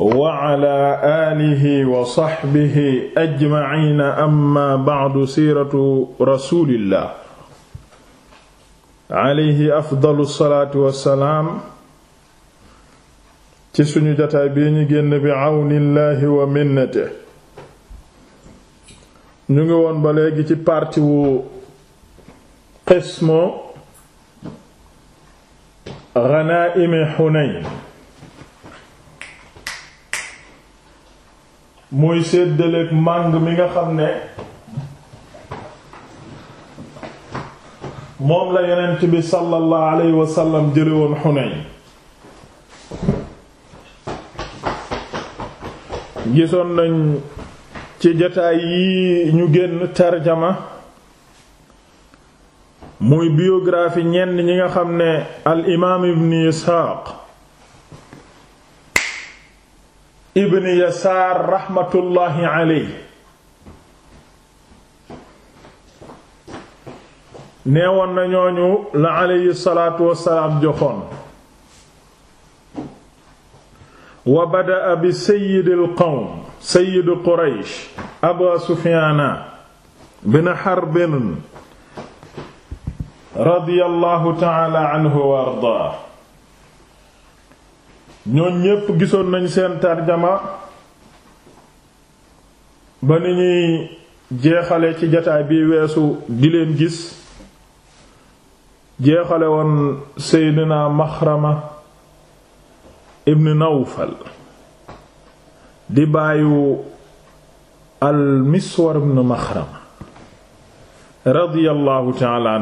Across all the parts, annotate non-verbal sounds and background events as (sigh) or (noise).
wa ala alihi wa sahbihi ajmaina amma ba'du siiratu rasulillah alayhi afdalu salaatu wassalaam ci suñu jataay bii ñu génn bi awnillahi wa minnate ñu ngi woon ba léegi ci parti wu qismu ghanaa'imi Hunayn muy séddaleeg màng mi nga xam ne moom la yonent bi sallallahu alayhi wa sallam jële woon Hunayn gisoon nañ ci jotaay yi ñu génn tarjama muy biographie ñenn ñi nga xam ne al imaam ibn Isxaaq ibn yasaar raxmatullaahi alayhi neewoon na ñooñu la alayhi salaatu wassalaam joxoon wa bada'a bi sayyidil qawm sayyidu quraysh aba sufyaana bin harbin radiyallaahu ta'aala anhu wa ardaahu ñoon ñépp gisoon nañu seen tarjama ba ni ñuy jeexale ci jataay bi weesu di leen gis jeexale woon seydina maxrama ibn nawfal di bàyyu al miswar ibn maxrama radiyallahu ta'ala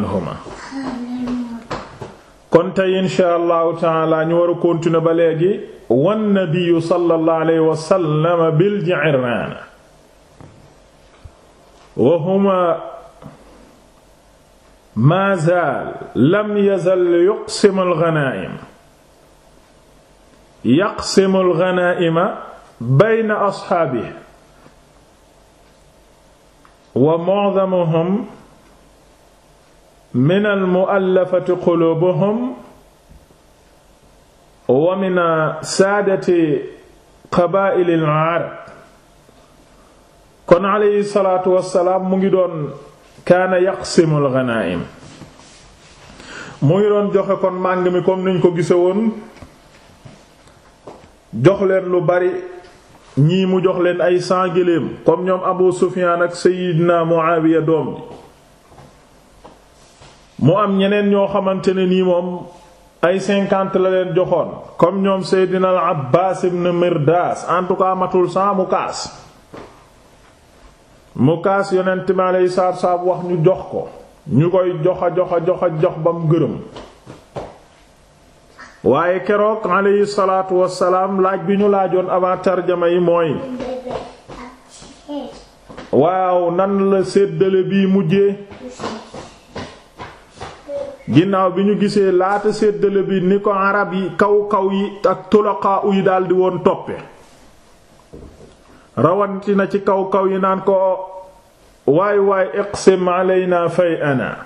kon tey insha allahu taala ñu war a continuer ba léegi wan nabiyu sallallahu alayhi wa sallam bil ji'rana wa huma ma zaal lam yazal yuqsimu al-ghanaa'im yaqsimu al-ghanaa'ima bayna ashaabihi wa mu'dhamuhum min almuallafati qulubuhum wa min saadati qabaa'ili al-arab kon salaatu wassalaam mu ngi doon kaana yaqsimu al mu ngi doon joxe kon màng mi comme niñ ko gise woon jox lu bari ñii mu jox leen ay sangileem comme ñoom Abu Sufyaan ak Seyyidina Muawiya doom bi mu am ñeneen ñoo xamante ne nii moom ay cinquante la leen joxoon comme ñoom Seydina al Abbaas ibn Mirdaas en tout cas matul sans mu kaas mu kaas yonent mi alayhi salaatu salaam wax ñu jox ko ñu koy joxa joxa joxa jox ba mu gërëm waaye keroog alayhi salaatu wassalaam laaj bi ñu laajoon avant tarjama yi mooy waaw nan la seddale bi mujjee ginnaaw bi ñu gisee laata séddale bi ni ko arab yi kaw kaw yi ak tulaqaa yi daldi woon topp rawanti na ci kaw kaw yi naan ko waay waay iqsim alayna fay'ana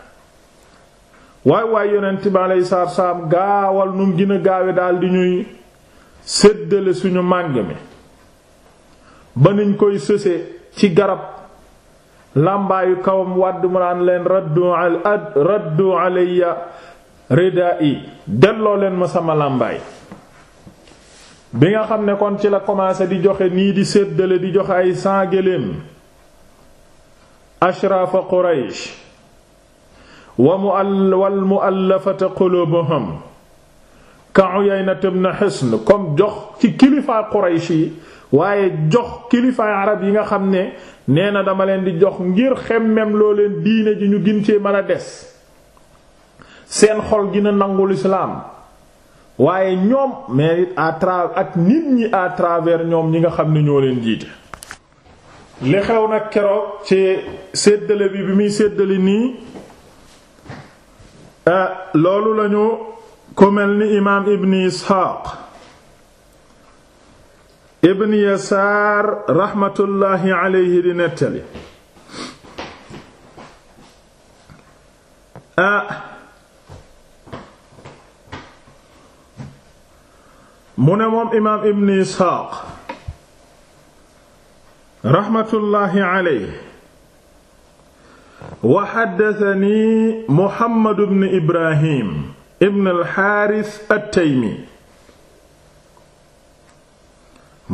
waay waay yonent bi alayhi salaatu salaam gaawal nu mu gaawe daldi ñuy séddale suñu màng mi ba niñ koy sëse ci garab làmbaayu kawam wàdd mu naan leen raddu al ad raddu alayya rida delloo leen ma sama làmbaay bi nga xam ne kon ci la commencé di joxe nii di séddale di joxe ay cent géléem ashraafa quraysh wa mual wal muallafata qulubuhum ka Uyayna ibn Hisn comme jox ci kilifa quraysh yi waaye jox kilifaay arab yi nga xam ne nee na dama leen di jox ngir xemmem loo leen diine ji ñu gin ci mën a des seen xol gina nangul islaam waaye ñoom mais à ak nit ñi à travers ñoom ñi nga xam ne ñoo leen jiite li xew nag keroog ci séddale bi bi muy séddali nii eh, loolu lañu ko mel ni imaam ibni isxaaq ibn yasaar raxmatullaahi aleyhi di nettali ah mu ne moom imaam ibn isxaaq raxmatullaahi aleyhi wa xaddasani muhammad ibn ibrahim ibn alxaaris at-taymi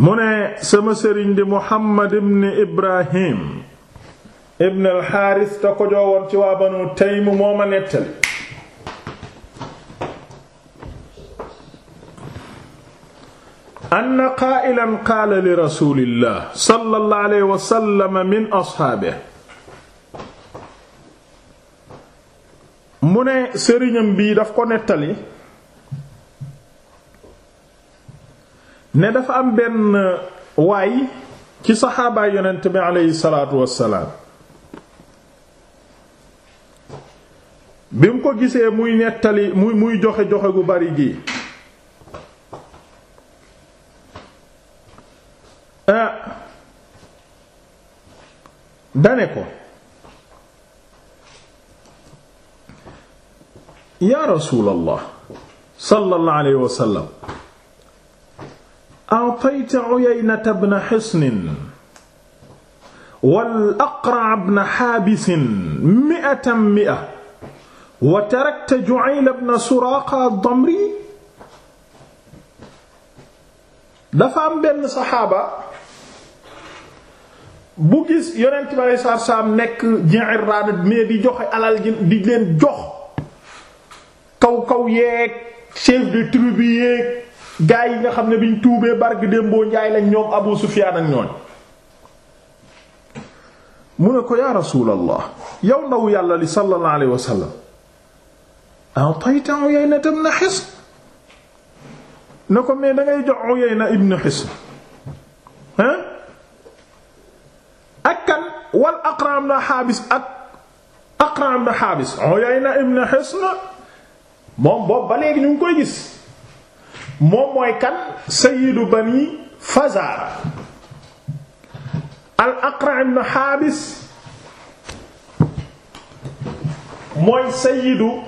mu ne sama sëriñ di Muhammad ibn Ibrahim ibn al te ko joowoon ci waa Banu Taym moo ma nettali anna qaa'ilan qaala li rasuulillah sallallahu alayhi wa min ashaabihi mu ne sëriñam bii daf ko nettali ne dafa am benn waay ci saxaabaay yonent bi aleyhi salaatu wassalaam bi mu ko gisee muy nettali muy muy joxe joxe gu bari gi ah dane ko yaa rasuulallah sallallahu alayhi a'tayta Uyaynata ibn Hisn wal Aqra' ibn Haabis mi'atan mi'a wa tarakta Ju'ayl ibn Suraaqa ad-Damri dafa am benn saxaaba bu gis yonent bi alayhi salaatu salaam nekk Ji'irraana mais di joxe alal ji di leen jox kaw kaw yeeg chef de tribu yeeg gaa yi nga xam ne bi biñ tuubee barki démboo njaay lañ ñoom Abu Sufyaan ak ñooñ mu ne ko yaa rasuulallah yow ndaw yàlla li sallallahu alayhi wa sallam atayta Uyayna ko mais dangay jox Uyayna ibn Hisn hein ak kan wal Aqra' ibn Haabis ak Aqra' ibn xaabis Uyayna ibn Hisn moom boobu ba léegi ñu koy gis moom mooy kan sayyidu bani Fazaara al Aqra ibn Haabis mooy sayyidu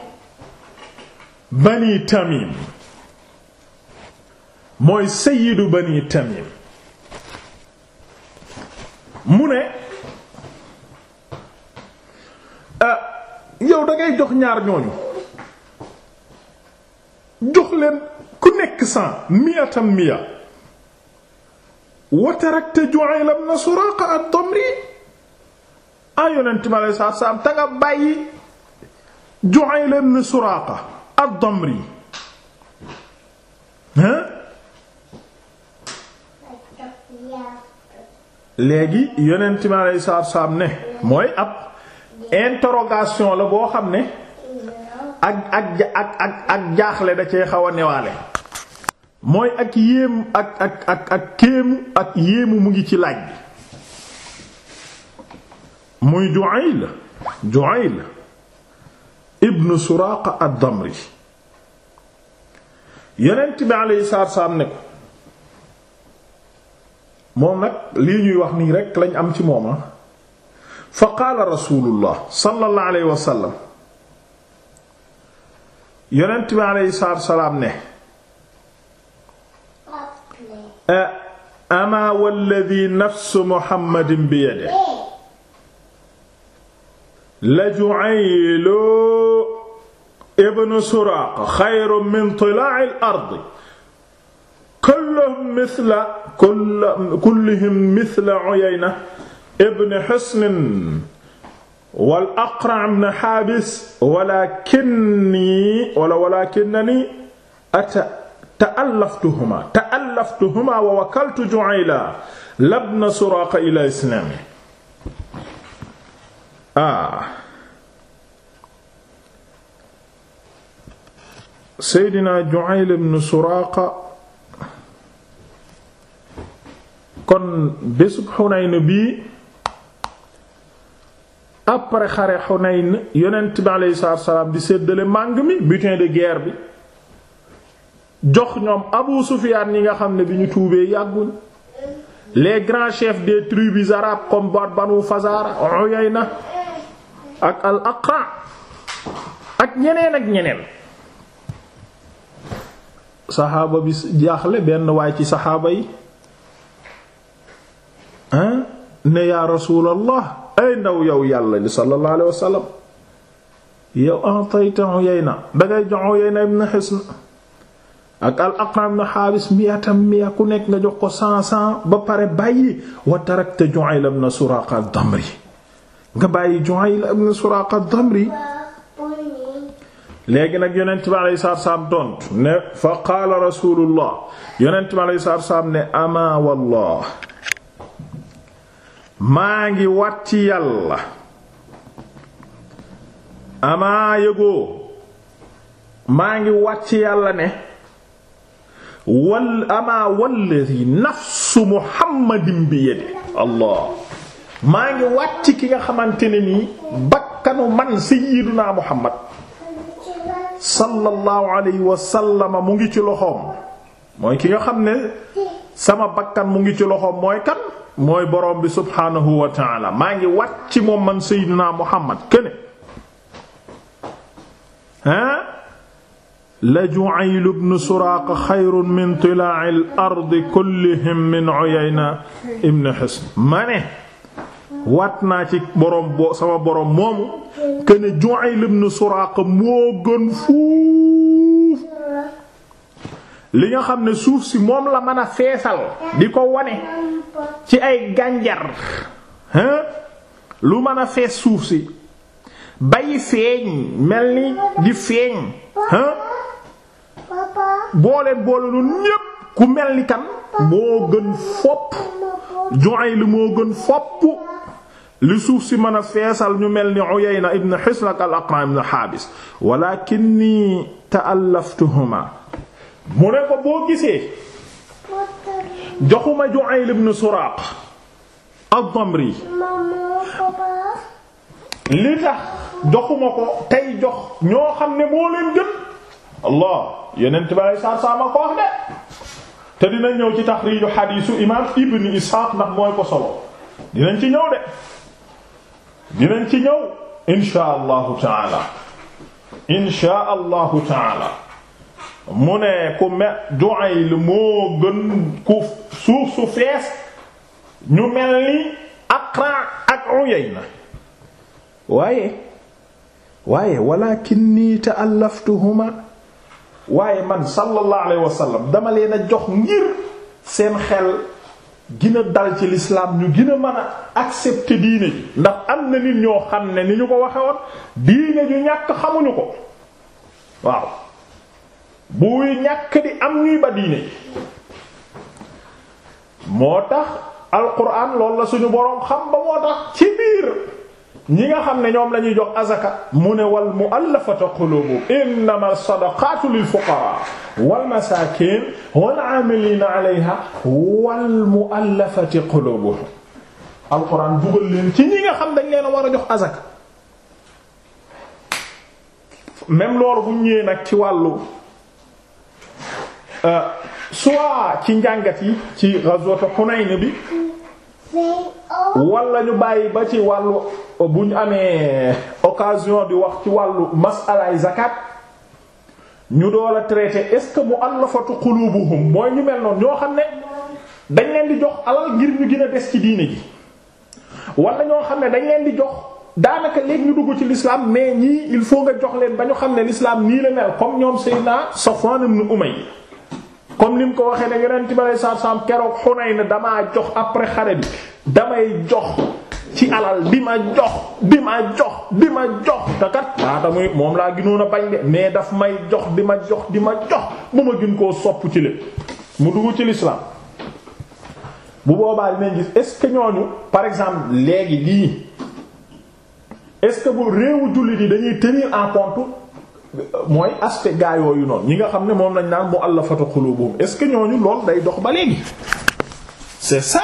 bani Tamim mooy sayyidu bani Tamim mu ne euh, yow dangay jox ñaar ñooñu jox ku nekk cent miatam mia wa tarakta Ju'ayl ibn Suraqa ad-Damri a ah, yonent bi alei léegi yonent bi alei ne mooy ab interrogation la boo xam ne ak ak jaaxle da cee xaw a newaale mooy ak yéem ak ak ak ak ak yéemu mu ngi ci laaj bi muy Ju'ayl Ju'ayl ibn Suraaqa ad-Damri yonent bi alayhi salaatu salaam ne ko moom nag lii ñuy wax nii rekk lañ am ci mooma ah. fa qaala rasulullah sallallahu alayhi wa sallam yonent bi alayhi salaatu salaam ne Eh, ama walladi nafsu muhammadin bi yadihi la ju'aylu ibnu suraaqa xayrun min tilaa'il ardi kulluhum misla kulluhum misla uyayna ibn hisn wal aqra' ibn haabis walakinnii wala walakinnanii ata ta'allaftuhuma ta'allaftuhuma wa wakaltu Ju'ayla labna Suraqa ila islaami ah Seydina Ju'ayl ibn kon bésub Xunayn bii après xare Xunayn yonent bi alayhi salaatu wa salaam di séddale màng mi butin de guerre bi jox ñoom Abu Sufyaan yi nga xam ne bi ñu tuubee yàggul les grands chef de tribus bi comme Banu Fazara Uyayna ak ak ñeneen ak ñeneen saxaaba bi jaaxle benn waay ci saxaaba yi hein ne yaa rasuulallah ay ndaw yow yàlla li sallallahu alayhi wasallam yow antayta Uyayna dangay jox Uyayna ibn Hisn ak al aqram na xaabis miatam mia ku nekk nga jox ko cent cent ba pare bàyyi wa tarakta Ju'ayl ibn Suraqa ad-Damri nga bàyyi Ju'ayl ibn Suraqa ad-Damri léegi nag yonent bi alayhi salaatu salaam tontu ne fa qaala yonent bi alayhi salaatu salaam ne ama wallah maa ngi wat yàlla amaa yëgoo maa ngi wat ci yàlla ne wal ama walladi nafsu muhammadin bi yadi allah maa ngi wàcc ki nga xamante ni nii bakkanu man sayyiduna muhammad sallallahu alayhi wa mu ngi ci loxoom mooy ki nga xam ne sama bakkan mu ngi ci loxoom mooy kan mooy borom bi subhaanahu wa taala maa ngi wàcc moom man sayyiduna muhammad kene hein la Ju'ayl ibn Suraaqa xayrun min tilaa'il ardi kullihim min Uyayna ibn Hisn ma ne waat naa ci borom boo sama borom moomu que ne Ju'ayl ibn Suraaqa moo gën fuuf li nga xam ne suuf si moom la mën a feesal di ko wane ci ay gànjar lu mën a fees suuf si bay feeñ mel ni di feeñ boo boole noonu ñépp ku mel ni kan moo gën fopp Ju'ayl moo gën fopp li suuf si mën a feesal ñu mel ni Uyayna ibn Hislak al-Aqra' ibn Habis walakinni ta'allaftuhuma mu ne ko boo gisee joxuma Ju'ayl ibn Suraq ad-Damri li tax joxuma ko tey jox ñoo xam ne moo leen gën allah yenent bi alei saatu salaam a ko wax de te dinañ ñëw ci taxriiju xadiisu imam ibni isxaaq ndax mooy ko solo dinañ ci ñëw de dinañ ci ñëw inshaa allahu taala inshaa allahu taala mu ne ku me Duayl moo gën ku suuf su fees ñu mel ni Aqra ak Uyayna waaye waaye walakinni ta'allaftuhuma waaye man sallallahu alayhi wa sallam dama leen a jox ngir seen xel gën dal ci lislaam ñu gina a mën a accepter diine ji ndax am na nit ñoo xam ne ni ñu ko waxe woon diine ju ñàkk xamuñu ko waaw buy ñàkk di am ñuy ba diine ji moo tax alquran lool la suñu boroom xam ba moo tax ci biir ñi nga xam ne ñoom lañuy jox azaka mu ne wal mu'allafati qulubu innama sadaqatu lil fuqara wal masakin wal amilina alayha wal mu'allafati qulubu alquran dugal leen ci ñi nga xam dañ leen a war a jox azaka même loolu bu ñëwee nag ci wàllu euh, soit ci njàngat yi ci ghazwat Hunayn bi wala ñu bàyyi ba ci wàllu bu ñu amee occasion di wax ci wàllu masalaay zakat ñu door a traiter est-ce que mu'allafatu qulubuhum mooy ñu mel noonu ñoo xam ne dañ leen di jox alal ngir ñu gën a des ci diine ji wala ñoo xam ne dañ leen di jox daanaka léegi ñu dugg ci l'islam mais ñii il faut nga jox leen ba ñu xam ne l'islam nii la mel comme ñoom Seydina Safwan ibn Umayya comme ni mu ko waxee ne yeneen ci ma saam saam keroog na damaa jox après xare bi damay jox ci alal bi ma jox di ma jox di ma jox te kat laata muy moom laa gënoon a bañ de mais daf may jox di ma jox di ma jox mu ma gën koo sopp ci lépp mu dugg ci l'islam bu boobaa dinañ gis est-ce que ñooñu par exemple léegi lii est-ce que bu réewu jullit yi dañuy tenir en compte. mooy aspect gaa yooyu noonu ñi nga xam ne moom lañ naan mu mu'allafatu qulubuhum est-ce que ñooñu lool day dox ba léegi c'est ça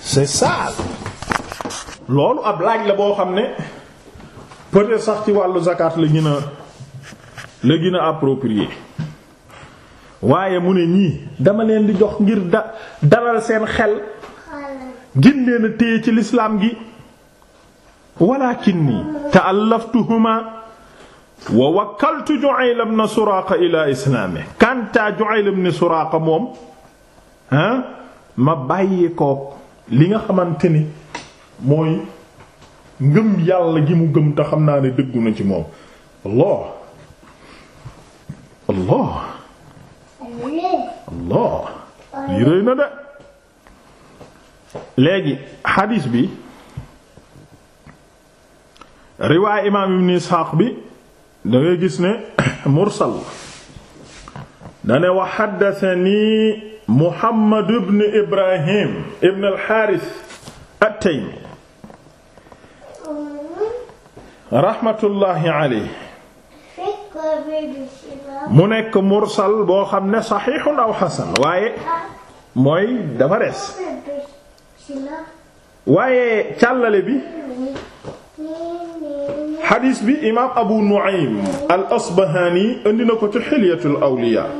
c'est ça loolu ab laaj la boo xam ne peut sax ci wàllu zakat la gën a la gën a approprié waaye mu ne ñii dama leen di jox ngir da dalal seen xel gin leen a téye ci lislaam gi walaakinni ta'allaftuhuma wa wakkaltu Ju'ayl ibn Suraaqa ila islaami kantaa Ju'ayl ibn Suraaqa moom ah, ma bàyyi ko li nga xamante ni mooy ngëm yàlla gi mu gëm te xam naa ne dëggu na ci moom Allah Allah Allah lii na de léegi xadiis bi riwaay imaam ibn Isxaaq bi da ngay gis ne (coughs) mursal da ne wa haddathani Muhammad ibn Ibrahim ibn al-Haaris at-Taymi rahmatullahi alayhi mu nekk mursal boo xam ne saxiixun aw xasan waaye mooy dafa rees waaye càllale bi xadiis bi imaam abu nu'aym al asbahaani indi na ko ci xilyatul awliyaa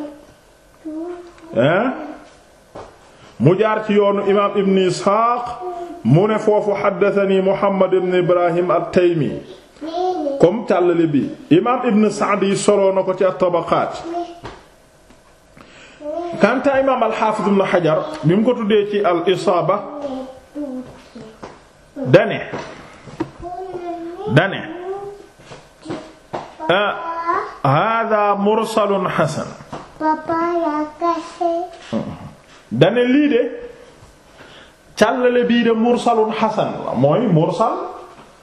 mu jaar ci yoonu imaam ibn isxaaq mu ne foofu xaddatani muhammad ibn ibrahim al taymi comme càllale bi imaam ibn saad yi ko ci al tabaqaat kanta imaam al xaafiz ibn xajar bi mu ko tuddee ci al isaaba dane dane Eh, hada mursalun hasan dane lii de càllale bii de mursalun hasan la mooy mursal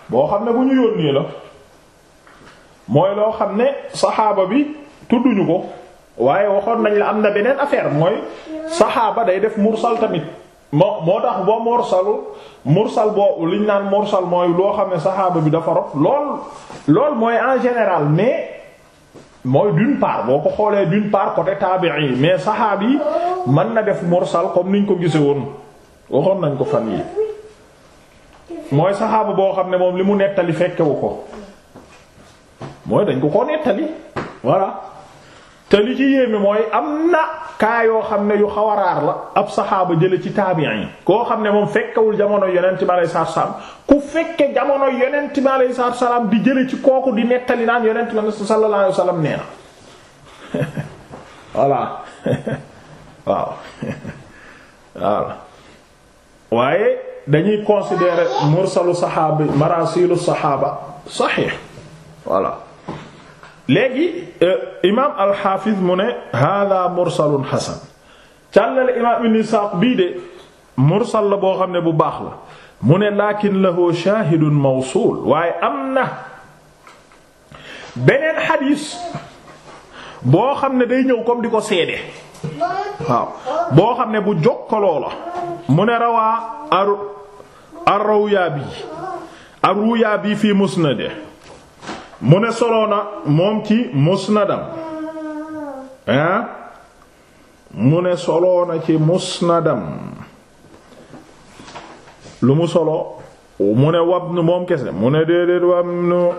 boo xam ne bu ñu yónnee la mooy loo xam ne saxaaba bi tudduñu ko waaye waxoon nañ la am na beneen affaire mooy saxaaba day def mursal tamit moo moo tax ba mursalu mursal boobu liñ naan mursal mooy loo xam ne saxaaba bi dafa rot lool lool mooy en général mais mooy d'une part boo ko xoolee d'une part côté tabi'i mais saxaab yi mën na def morsal comme niñ ko gise woon waxoon nañ ko fan yi mooy saxaaba boo xam ne moom li mu nettali fekkewu ko mooy dañ ko ko nettali voilà te li ci yéeme mooy am na kaa yoo xam ne yu xawaraar la ab saxaaba jële ci taabiin yi koo xam ne moom fekkewul jamono yonent bi alayhi salaam ku fekke jamono yonent bi alayhi salaam di jële ci kooku di nettali naan yonent bi sallallahu alayhi wasallam nee na voilà waaw waaw waaye dañuy considérer mursalu saxaaba marasilu saxaaba saxiix voilà léegi euh, imaam alxaafiz mu ne hàdha mursalun hasan càllale imaam ibn Isaaq bii de mursal la boo xam ne bu baax la mu ne lakin lahu shaahidun mawsuul waaye am na beneen xadiis boo xam ne day ñëw comme di ko seede waaw boo xam ne bu jokkaloo la mu ne rawaa ar ar ruyaa bi ar ruyaa bi fi musnade mu ne na moom ci musnadam ah mu ne soloona ci musnadam lu mu solo mu ne wab nu moom kese mu ne déedéet wab nu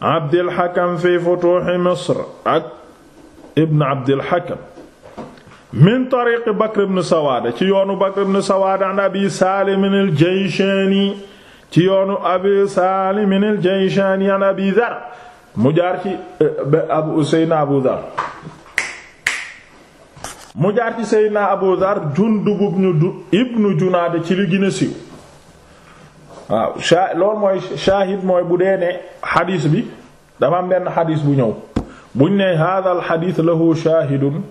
Abdul Hakam fi futuuhi Misr ak ibn Abdul Hakam min tariiqi Bakr ibn Sawaada ci yoonu Bakr ibn Sawaada an Abi Saalim al ci yoonu abi Salim al-Jayshaani an abi mu jaar ci eh, abu Seydina Abu Dar mu jaar ci Seydina Abu Dar Jundub ibnu Junaada ci li gën a siiw waaw mooy shaahid mooy bu dee ne xadiis bi dama am benn xadiis bu ñëw buñ ne haadal xadiis lahu shaahidun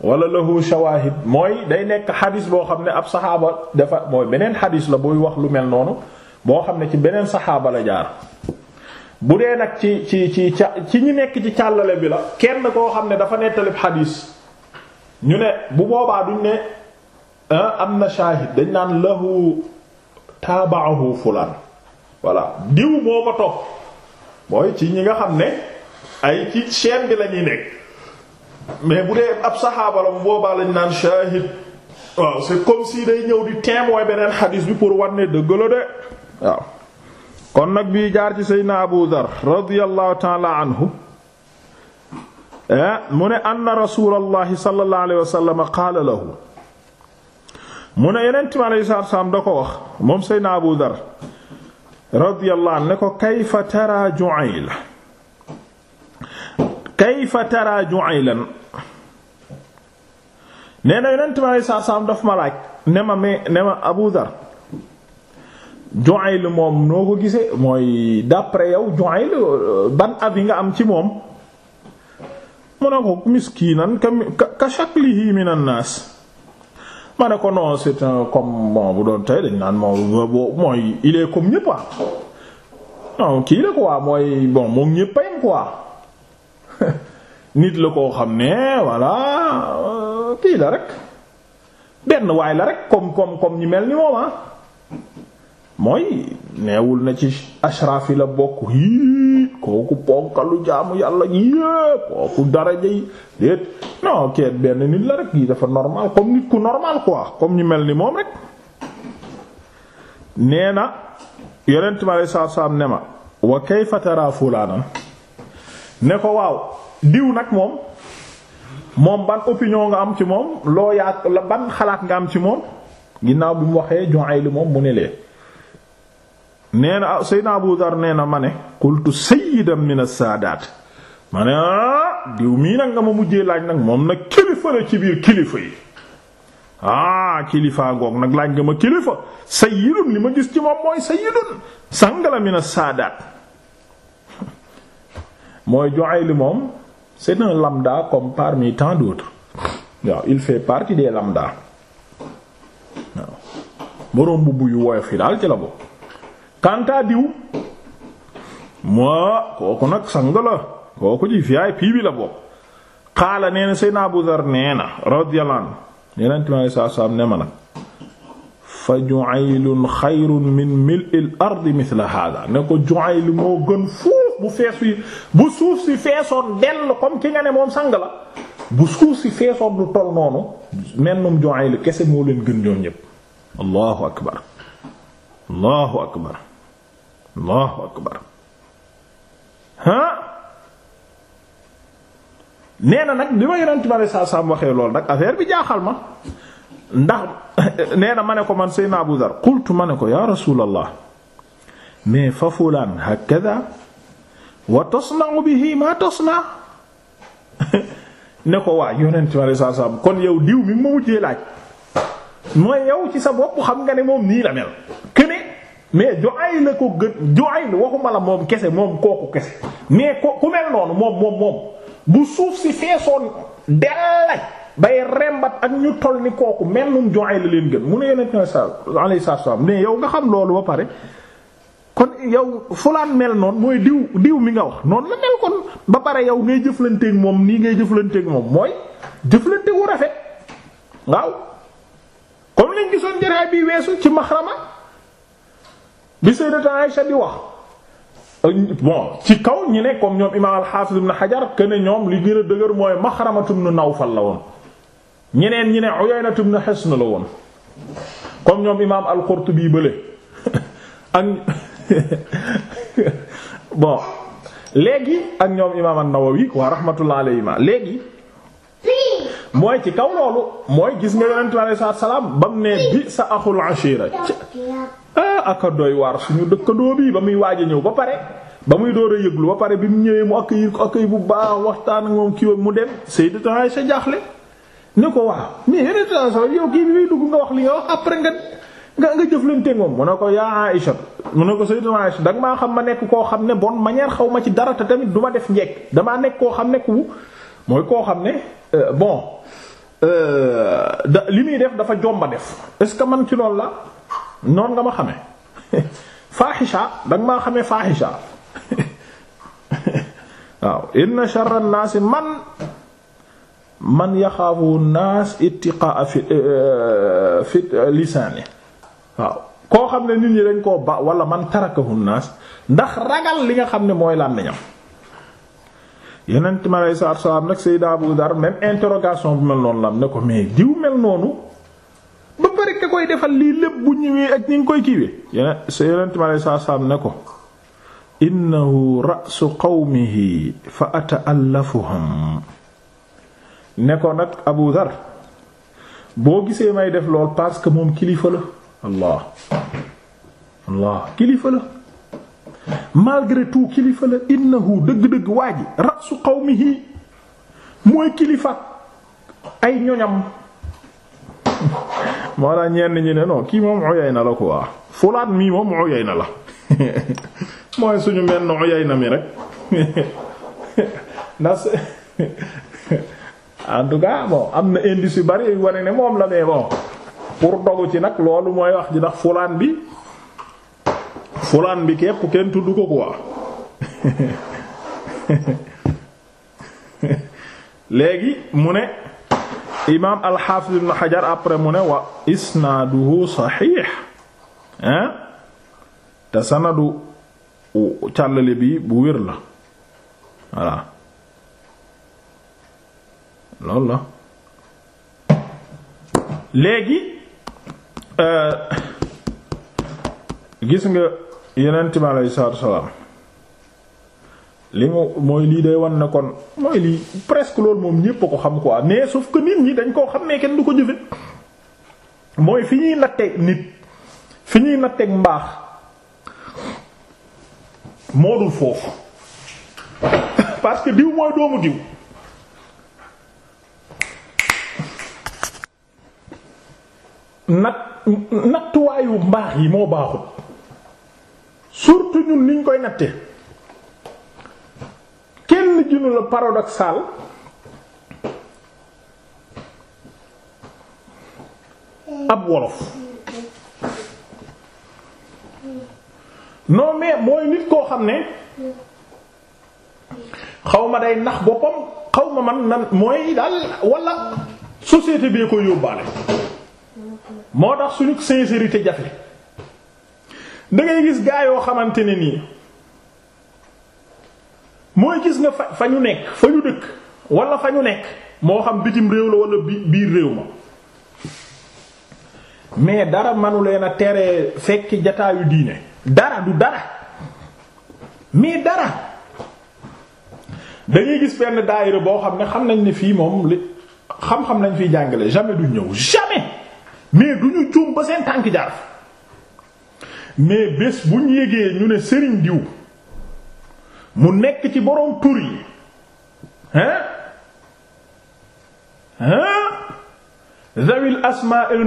wala lahu shawaahid mooy day nekk xadiis boo xam ne ab saxaaba dafa mooy beneen xadiis la buy wax lu mel noonu boo xam ne ci beneen saxaabala jaar bu dee nag ci ci ci ca ci ñi nekk ci càllale bi la kenn koo xam ne dafa nettalib xadiis ñu ne bu boobaa duñ ne ah, am na shaahid dañ naan lahu taabaahu fulaan voilà diw moo ma topp mooy ci ñi nga xam ne ay ci chaîne bi la ñuy nekk mais bu dee ab saxaabala la bu boobaa lañ naan shaahid waaw c'est comme sii day ñëw di témoin beneen xadiis bi pour war ne dëgg la de waaw kon nag bi jaar ci seydna abu dhar radiyallahu taala anhu eh, mu ne anna rasulallahi sallallahu alayhi wa sallam qaala lahu mu ne yeneen time alay saar ko wax moom seydna abu dhar radiyallahu ne ko kayfa tara ju'ayla kayfa tara ju'aylan nee na yeneen time alay saar saam daf ma laaj ne ma me ne ma abu dhar join Ju'ayl moom noo ko gisee mooy d'après yow Ju'ayl euh, ban avis nga am ci moom mu ne ko miskiinan ka shaklihi minan naas ma ne ko non comme bu doon tey dañ naan moom euh, mooy il comme ñëpp ah non kii la quoi mooy bon moom ñëpp a yem quoi (laughs) nit la koo xam ne voilà euh, kii la rek benn waay la rek comme comme ñi mel ni moom ah. mooy neewul na ci ashraf yi la bokk hii kooku ponkalu jaamu yàlla yée kooku daraja yi déet non keet benn nit la rek yi dafa normal comme nit ku normal quoi comme ñu mel ni moom rek nee na yonent mi alei saatu salaam ne ma wa kayfa tara fulaanan ne ko waaw diw nag moom moom ban opinion nga am ci moom loo yaak la ban xalaat nga am ci moom ginnaaw bi mu waxee joxay li moom mu ne lee nee na ah, Seydina Abu Dar nee na ma ne qultu sayyidan min as-saadaat ma ne ah, diw mii nag nga ma mujjee laaj nag moom nag kilifa la ci biir kilifa yi ah kilifa goog nag laaj nga ma kilifa sayyidun li ma gis ci moom mooy sayyidun sangala min as-saadaat (laughs) mooy Ju'ayl moom c'est un comme parmi tant d'autres waaw il fait partie des lambda waaw boroom mbubb yu woyof yi daal ci la bokk kanta diw moo kooku nag sang la kooku ci fiyaay pii bi la bokk xaala nee na Seydina Abu Dhar nee na radiyallahu anhu yeneen time ay saab saab ne ma nag fa Ju'aylun xayrun min mil'il ardi mithla hada ne ko Ju'ayl moo gën fuuf bu fees wi bu suuf si feesoon dell comme ki nga ne moom sang bu suuf si feesoon lu toll noonu mennum Ju'ayl kese moo leen gën ñoom ñépp allahu akbar allahu akbar allahu akbar nee na nag bi ma yonent bi aleyhi salaatu salaam waxee loolu nag affaire bi jaaxal ma ndax (laughs) nee na ma ne ko man Seydina Abu qultu ma ne ko yaa rasuulallah mais fa fulaan hakaza wa tasna'u bihi ma tasna (laughs) ne ko waa yonent bi aleyhi salaatu salaam kon yow diw mi ma mujjee laaj mooy yow ci sa bopp xam nga ne moom nii la mel kene mais ay la ko gën Juhayl waxuma la moom kese moom kooku kese mais ko ku mel noonu moom moom moom bu suuf si feesoon dellaj bay rembat ak ñu toll ni kooku mel num Juhayl la leen gën mu ne yonent alayhi salaam ne yow nga xam loolu ba pare kon yow fulaan mel noonu mooy diw diw mi nga wax noonu la mel kon ba pare yow ngay jëflanteeg moom nii ngay jëflanteek moom mooy jëflante wu rafet waaw comme lañ gisoon jaraay bi weesu ci maxrama bi sayyidatu Aïsha di wax euh, bon ci kaw ñi ne comme ñoom imaam al-Hafiz ibn Hajar que ne ñoom li gën a dëgër mooy Maxramatu ibn Nawfal la woon ñeneen ñi ne Uyaynatu ibn Hisn la woon comme ñoom imaam al-Qurtubi bële (laughs) ak (laughs) bon léegi ak ñoom imaam an-Nawawi wa rahmatullah alayhima léegi mooy ci kaw loolu mooy gis nga yonent bi alayhi salaam ba mu ne bi sa axul ashira ah aka doy waar suñu dëkkandoo bii ba muy waaj a ñëw ba pare ba muy door a yëglu ba pare bi mu ñëwee mu accueillir ko accueil bu baax waxtaan ak moom kii mu dem Sayyidatu Aisha jaaxle ne ko waaw mais yonent bi alayhi yow kii bi muy wax li nga wax après nga nga nga jëflante moom mu ne ko yaa Aisha mu ne ko Sayyidatu Aisha danga maa xam ma nekk koo xam ne bon manière xaw ma ci dara te tamit duma def njekk damaa nekk koo xam ne ku mooy koo xam ne euh, bon. Euh, da li muy def dafa jomba def est-ce que man ci loolu la noonu nga ma xamee (laughs) faaxisha danga maa xamee faaxisha (laughs) waaw inna sharra an man man yaxaafu naas ittiqaa fi euh, fi lisaani waaw koo xam ne nit ñi dañ koo ba wala man tarakahu naas ndax ragal li nga xam ne mooy làmmiñam yeneen ma lay saa salaam nag Seydina Abu Dar même interrogation bu mel noonu la ne ko mais diw mel noonu ba pare ka koy defal lii lépp bu ñëwee ak ni koy kiiwee yeneen yeneen ma lay saa salaam ne ko innahu ra'su qawmihi fa ata'allafuhum ne ko nag Abu Dar boo gisee may def lool parce que moom kilifa la allah kilifa la malgré tout kilifa la innahu dëgg-dëgg waa ji rasu qawmihi mooy kilifa ay ñoñam moo tax ñenn ñi ne non kii moom Uyayna la quoi fulaan mii moom Uyayna la (laughs) mooy suñu mel ne Uyayna mi rek (laughs) ndax (laughs) en tout am na indice yu bari wane ne moom la mais bon pour dogu ci nag loolu mooy wax ji ndax fulaan bi. fulaan bi képp kenn tudd ko quoi léegi mu ne imaam al-Hafiz ibn après mu ne wa isnaaduhu saxiix hein te sanadu càllale bi bu wér la voilà loolu la léegi euh, gis nga yonent bi aleyhi salaatu salaam li mu mooy lii day wan ne kon mooy lii presque loolu moom ñépp a ko xam quoi mais sauf que nit ñi dañ koo xam ne kenn du ko jëfe mooy fi ñuy natte nit fi ñuy natteeg mbaax moo dul foofu (coughs) parce que diw mooy doomu diw nat nattuwaayu mbaax yi moo baaxut surtout ñun niñ koy natte kenn ginu la paradoxal ab wolof non mais mooy nit koo xam ne xaw ma day nax boppam xaw ma man nan mooy daal wala société bi ko yóbbaale moo tax suñu sincérité jafe da ngay gis gaa yoo xamante ni nii mooy gis nga fa fa ñu nekk fa ñu dëkk wala fa ñu nekk moo xam bitim réew la wala biir réew ma mais dara manu leen a teree fekki jataayu diine dara du dara mais dara da gis benn daayira boo xam ne xam nañ ni fii moom li xam-xam lañ fiy jàngale jamais du ñëw jamais mais du ñu juum ba seen tànk jaar. mais bés bu ñu yégee ñu ne sëriñ diw mu nekk ci boroom tur yi hein hein zawil asmaa al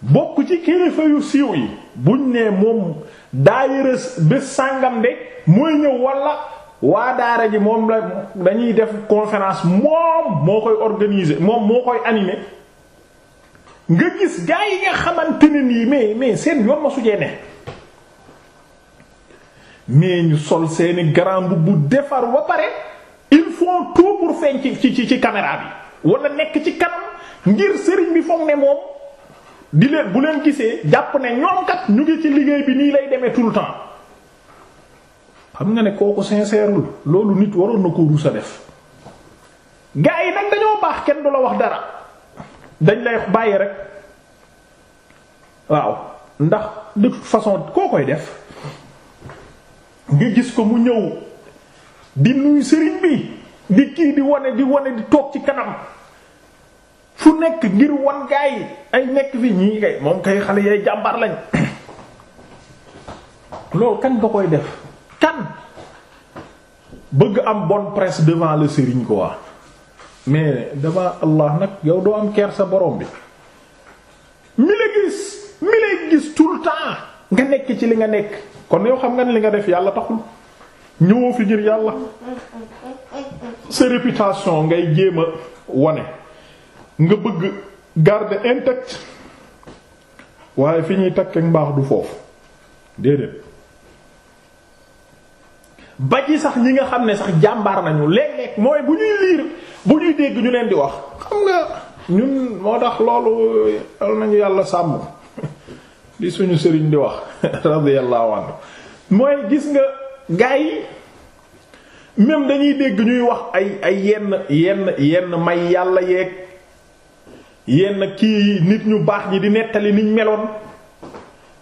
bokk ci kilifa yu siiw yi buñ nee moom daayira bés sàngam de mooy ñëw walla waa daara ji moom la dañuy def conférence moom moo koy organiser moom moo koy animer nga gis gaa yi nga xamante ne nii mais mais seen yoon ma sujee ne mais ñu sol seeni grand bu defar ba pare ils font tout pour feeñ ci ci ci caméra bi wala nekk ci kanam ngir sëriñ bi foog ne moom di leen bu leen gisee jàpp ne ñoom kat ñu ngi ci liggéey bi nii lay demee tout le temps xam nga ne kooku sincèreul loolu nit waroon na ko a def gaa yi nag dañoo baax kenn du la wax dara. dañ lay bàyyi rek waaw ndax de toute façon koo koy def nga gis ko mu ñëw di nuyu sëriñ bi di kii di wane di wane di toog ci kanam fu nekk ngir wan gaay ay nekk fi ñii kay moom kay xale yay jàmbar lañ (coughs) loolu kan nga koy def kan bëgg am bonne presse devant le sëriñ quoi. mais dama allah nag yow doo am ker sa borom bi mi la gis mi lay gis tout le temps nga nekk ci li nga nekk kon yow xam nga ne li nga def yàlla taxul ñëwoo fi ngir yàlla sa réputation ngay jéem a wane nga bëgg garder intact waaye fi ñuy takk ak mbaax du foofu déedéet ba yi sax ñi nga xam ne sax jàmbaar nañu léeg-léeg mooy bu ñuy liir bu ñuy dégg ñu leen di wax xam nga ñun moo tax loolu yal nañu yàlla sàmm (laughs) di suñu sëriñ di wax (laughs) radiyallahu anhu mooy gis nga gaa yi même dañuy dégg ñuy wax ay ay yenn yenn yenn may yàlla yeeg yenn kii nit ñu baax ñi di nettali niñ meloon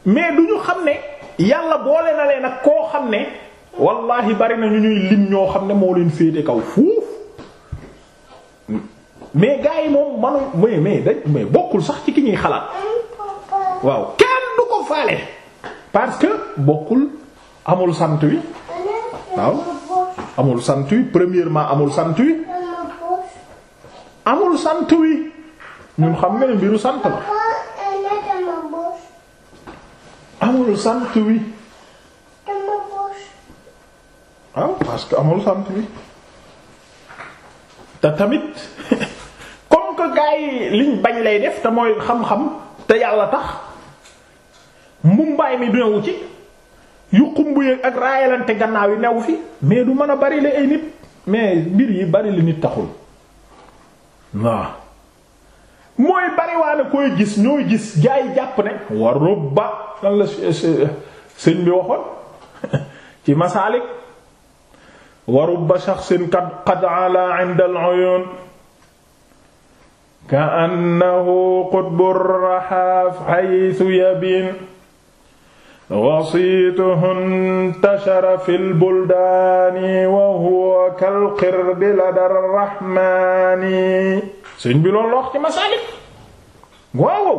mais duñu xam ne yàlla boole na leen ak koo xam ne wallahi bari na ñu ñuy lim ñoo xam ne moo leen féete kaw fuuf mais gars yi moom manu mais mais dañ mais bokkul sax ci ki ñuy xalaat waaw kenn du ko faale parce que bokkul amul sant wi waaw amul sant wi premièrement amul sant wi sant wi ñun xam nga ne mbiru sant la amul sant wi waaw parce que amul sant bi te tamit (laughs) comme que gars liñ bañ lay def te mooy xam-xam te yàlla tax mumbaay mi du newu ci yu xumb yeeg ak raayalante gannaaw yi newu fi mais du mën a bari la ay nit mais mbir yi bari la nit taxul waaw mooy bariwaane koy gis ñooy gis gars yi jàpp ne war rubba lan la sëñ bi waxoon (laughs) ci masaalik wa rubba shaxsin qad qad ala inda al-uyun ka'annahu qutbu rahaaf haythu yabin wasiituhu intashara fil buldaani wa huwa kal-qirdi ladar rahmaani sëñ bi loolu wax ci masaalik waaw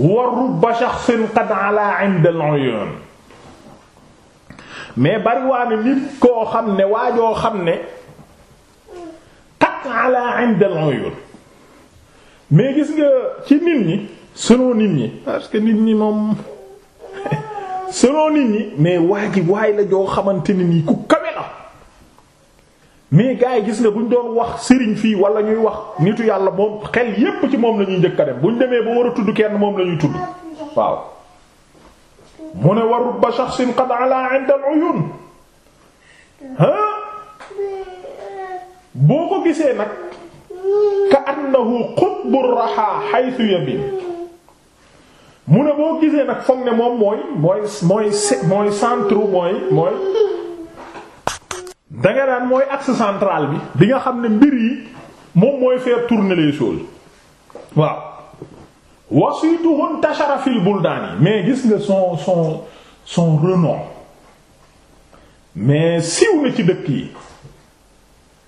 wa rubba shaxsin qad ala inda al-uyun mais bariwaane nit koo xam ne waajoo xam ne qat ala inda al-uyun mais gis nga ci nit ñi selon nit ñi parce que nit ñi moom (laughs) selon nit ñi mais waa ji waay la joo xamante ne nii ku kawe la mais gars yi gis nga buñ doon wax sëriñ fii wala ñuy wax nitu yàlla moom xel yépp ci moom la ñuy njëkk a ñu demee ba war a tudd kenn moom la ñuy tudd waaw mu ne wa rubba shaxsin qad ala 'inda al-'uyun boo ko gisee nag ka annahu qutbu raha haythu yabin mu ne boo gisee nag foog ne moom mooy mooy mooy mooy centre mooy mooy danga daan mooy axe central bi bi nga xam ne mbir yi moom mooy faire tourner les choses waaw wasituhun tashara fil buldaani mais gis nga son son son renom mais siiw na ci dëkk yi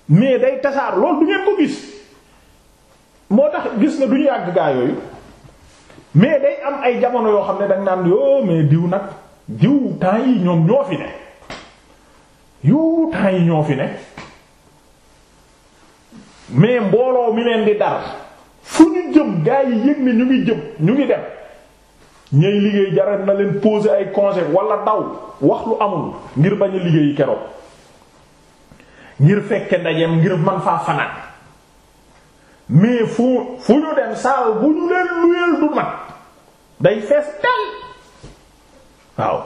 mais day tasaar loolu du ngeen ko gis moo tax gis na du ñu yàgg gaa yooyu mais day am ay jamono yoo xam ne dañ naan yoo mais diw nag diw temps yi ñoom ñoo fi ne yu temps yi ñoo fi ne mais mbooloo mi leen di dar fu ñu jëm gaa yi yëg ne ñu ngi jëm ñu ngi dem ñay liggéey jaral na leen poser ay congé walla daw wax lu amul ngir bañ a liggéey keroog ngir fekke ndajeem ngir man faa fanaan mais fu fu ñu dem saal bu ñu leen luyeel du mat day fees dal waaw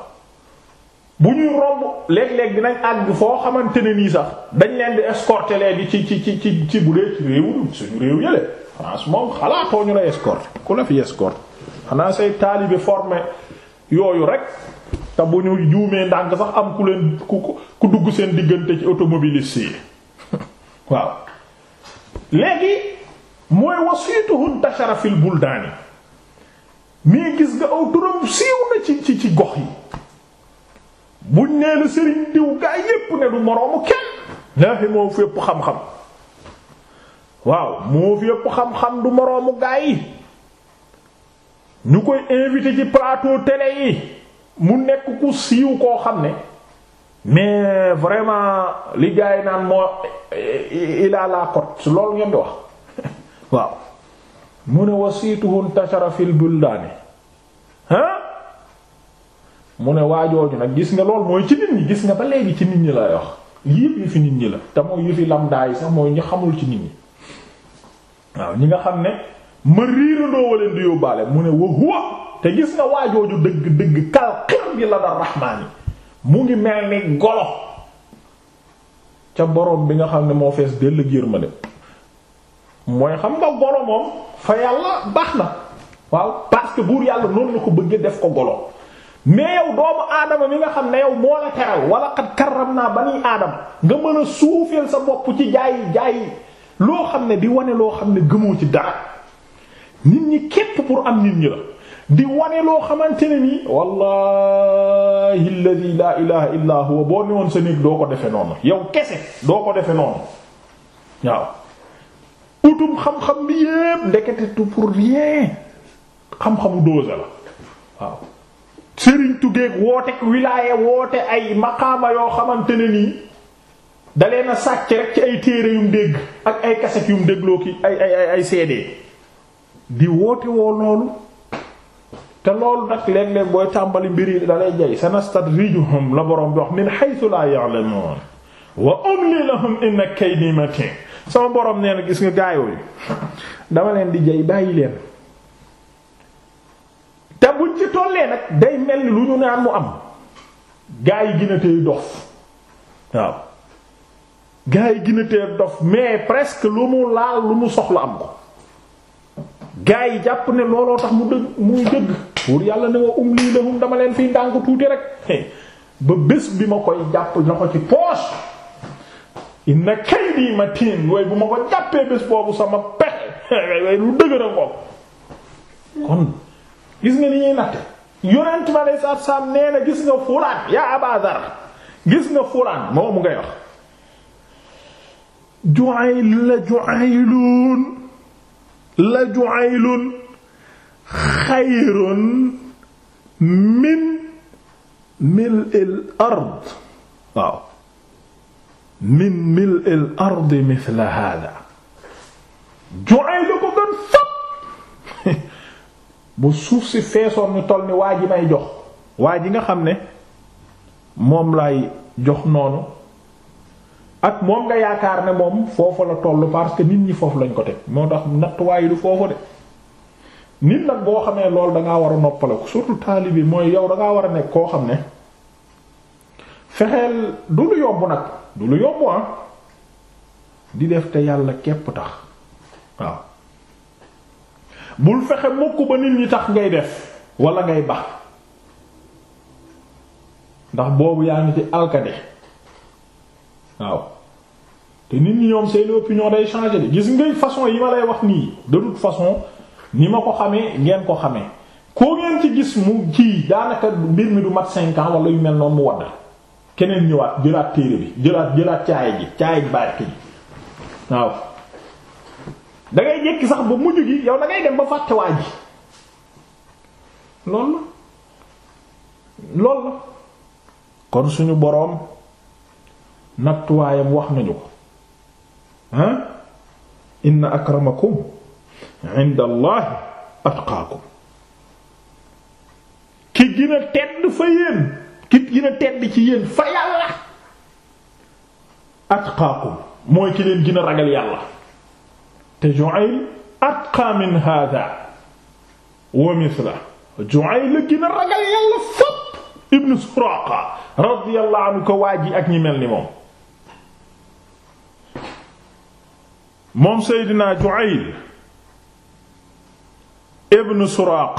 bu ñuy romb léeg-léeg dinañ àgg foo xamante ne nii sax dañ leen di escorter léegi ci ci ci ci bu dee ci réew suñu réew yële. France moom xalaatoo ñu lay escorte ku la fi escorte xanaa say taalibe formé yooyu rek te bu ñu juumee ndànk sax am ku leen ku ku dugg seen diggante ci automobiliste yi (laughs) waaw léegi mooy wasituhun tashara fil buldaani mais gis nga aw turam siiw na ci ci ci gox yi buñ nee la sëriñ diw gaa yépp ne du moroomu kenn laaxi moom fépp xam-xam waaw moo fi yëpp xam-xam du moroomu gaa yi ñu koy invité ci plateau télé yi mu nekk ku siiw koo xam ne mais vraiment li gaa yi naan moo ilaa la cote loolu ngeen di wax (laughs) waaw mu ne wasiituhun tashara fil buldaani ah mu ne jooju nag gis nga lool mooy ci nit ñi gis nga ba léegi ci nit ñi lay wax yépp yu fi nit ñi la te mooy yu fi lamdaay sax mooy ñu xamul ci nit ñi waaw ñi nga xam ne ma riirandoo waleen di yóbbaale mu ne wa huwa te gis nga waajooju dëgg dëgg kal xir bi la da raxmaani mu ngi mel ni golo ca borom bi nga xam ne moo fees dell yërmande mooy xam nga golo moom fa yàlla baax na waaw parce que buur yàlla noonu la ko bëggee def ko golo mais yow doomu aadama mi nga xam ne yow moo la teral wala xat karram naa bani aadama nga mën a suufeel sa bopp ci jaay jaay loo xam ne di wane loo xam ne gëmoo ci dara nit ñi képp pour am nit ñi la di wane loo xamante ne nii wallahi alladhi la ilaha illa huwa boo newoon sa néeg doo ko defe noonu yow kese doo ko defe noonu waaw utum xam-xam bi yépp ndekete tout pour rien xam-xamu dose la waaw sëriñ tugeeg woote wilaaye woote ay maqaama yoo xamante ne nii dalee na sàcc rek ci ay téere yum dégg ak ay kaset yum dégloo ki ay ay ay CD di woote woo loolu te loolu nag léeg-léeg booy tàmbali mbir yi dalay jay sanastadrijuhum la borom bi wax min haythu la ya'lamun wa umli lahum inna kaydi matin sama borom nee na gis nga gaayooyu dama leen di jay bàyyi leen te buñ ci tollee nag day mel lu ñu naan mu am gaay yi gën a waaw gaa yi gën a dof mais presque lu mu laal lu mu soxla am ko gaa yi jàpp ne looloo tax mu dëgg muy dëgg pour yàlla ne wa um lii lahum dama leen fiy ndànk tuuti rek (laughs) ba bés bi ma koy jàpp na ko ci poche inna kaydi matin waaye bu ma ko jàppee bés boobu sama pexe (laughs) waaye lu dëgg na ko kon gis nga ni ñuy natte yonent ma lay saat nee na gis nga fulaan yaa Abaa gis nga fulaan mu ngay wax Ju'ayl la Ju'aylun la Ju'aylun xayrun min mil'il ard waaw min mil'il ard mithla hada Ju'ayl ko gën fop (laughs) bu suuf si feesoon ni toll ni waa ji may jox waa ji nga xam ne moom lay jox noonu ak moom nga yaakaar ne moom foofu la tollu parce que nit ñi foofu lañ ko teg moo tax nattuwaay du foofu de nit nag boo xamee loolu dangaa war a noppale ko surtout taalibe mooy yow da war a nekk koo xam ne fexeel du lu yomb nag du lu yomb ah di def te yàlla képp tax waaw bul fexe mukk ba nit ñi tax ngay def walla ngay bax ndax boobu yaa ngi ci alkade waaw. te nit ñi ñoom seen opinion day changer de gis ngay façon yi ma lay wax nii de toute façon ni ma ko xamee ngeen ko xamee koo ngeen ci gis mu kii daanaka mbir mi du mat cinq ans wala yu mel noonu mu wadd keneen ñëwaat jëlaat téere bi jëlaat jëlaat caaya ji caaya ji barke ji waaw da ngay sax ba mujj gi yow da dem ba fàtte waa ji loolu la kon suñu boroom nattuwaayam wax nañu ko ah inna akramakum inda allah atqaakum ki gën a tedd fa yéen ki gën a tedd ci yéen fa yàlla atqaakum mooy ki leen gën a ragal yàlla te Ju'ayl atqa min hada wa mithla Ju'ayl la gën a ragal yàlla fopp ibn Suraqa radiyallahu anhu ko waa ji ak ñi mel ni moom moom Seydina Ju'ayl ibn Suraaq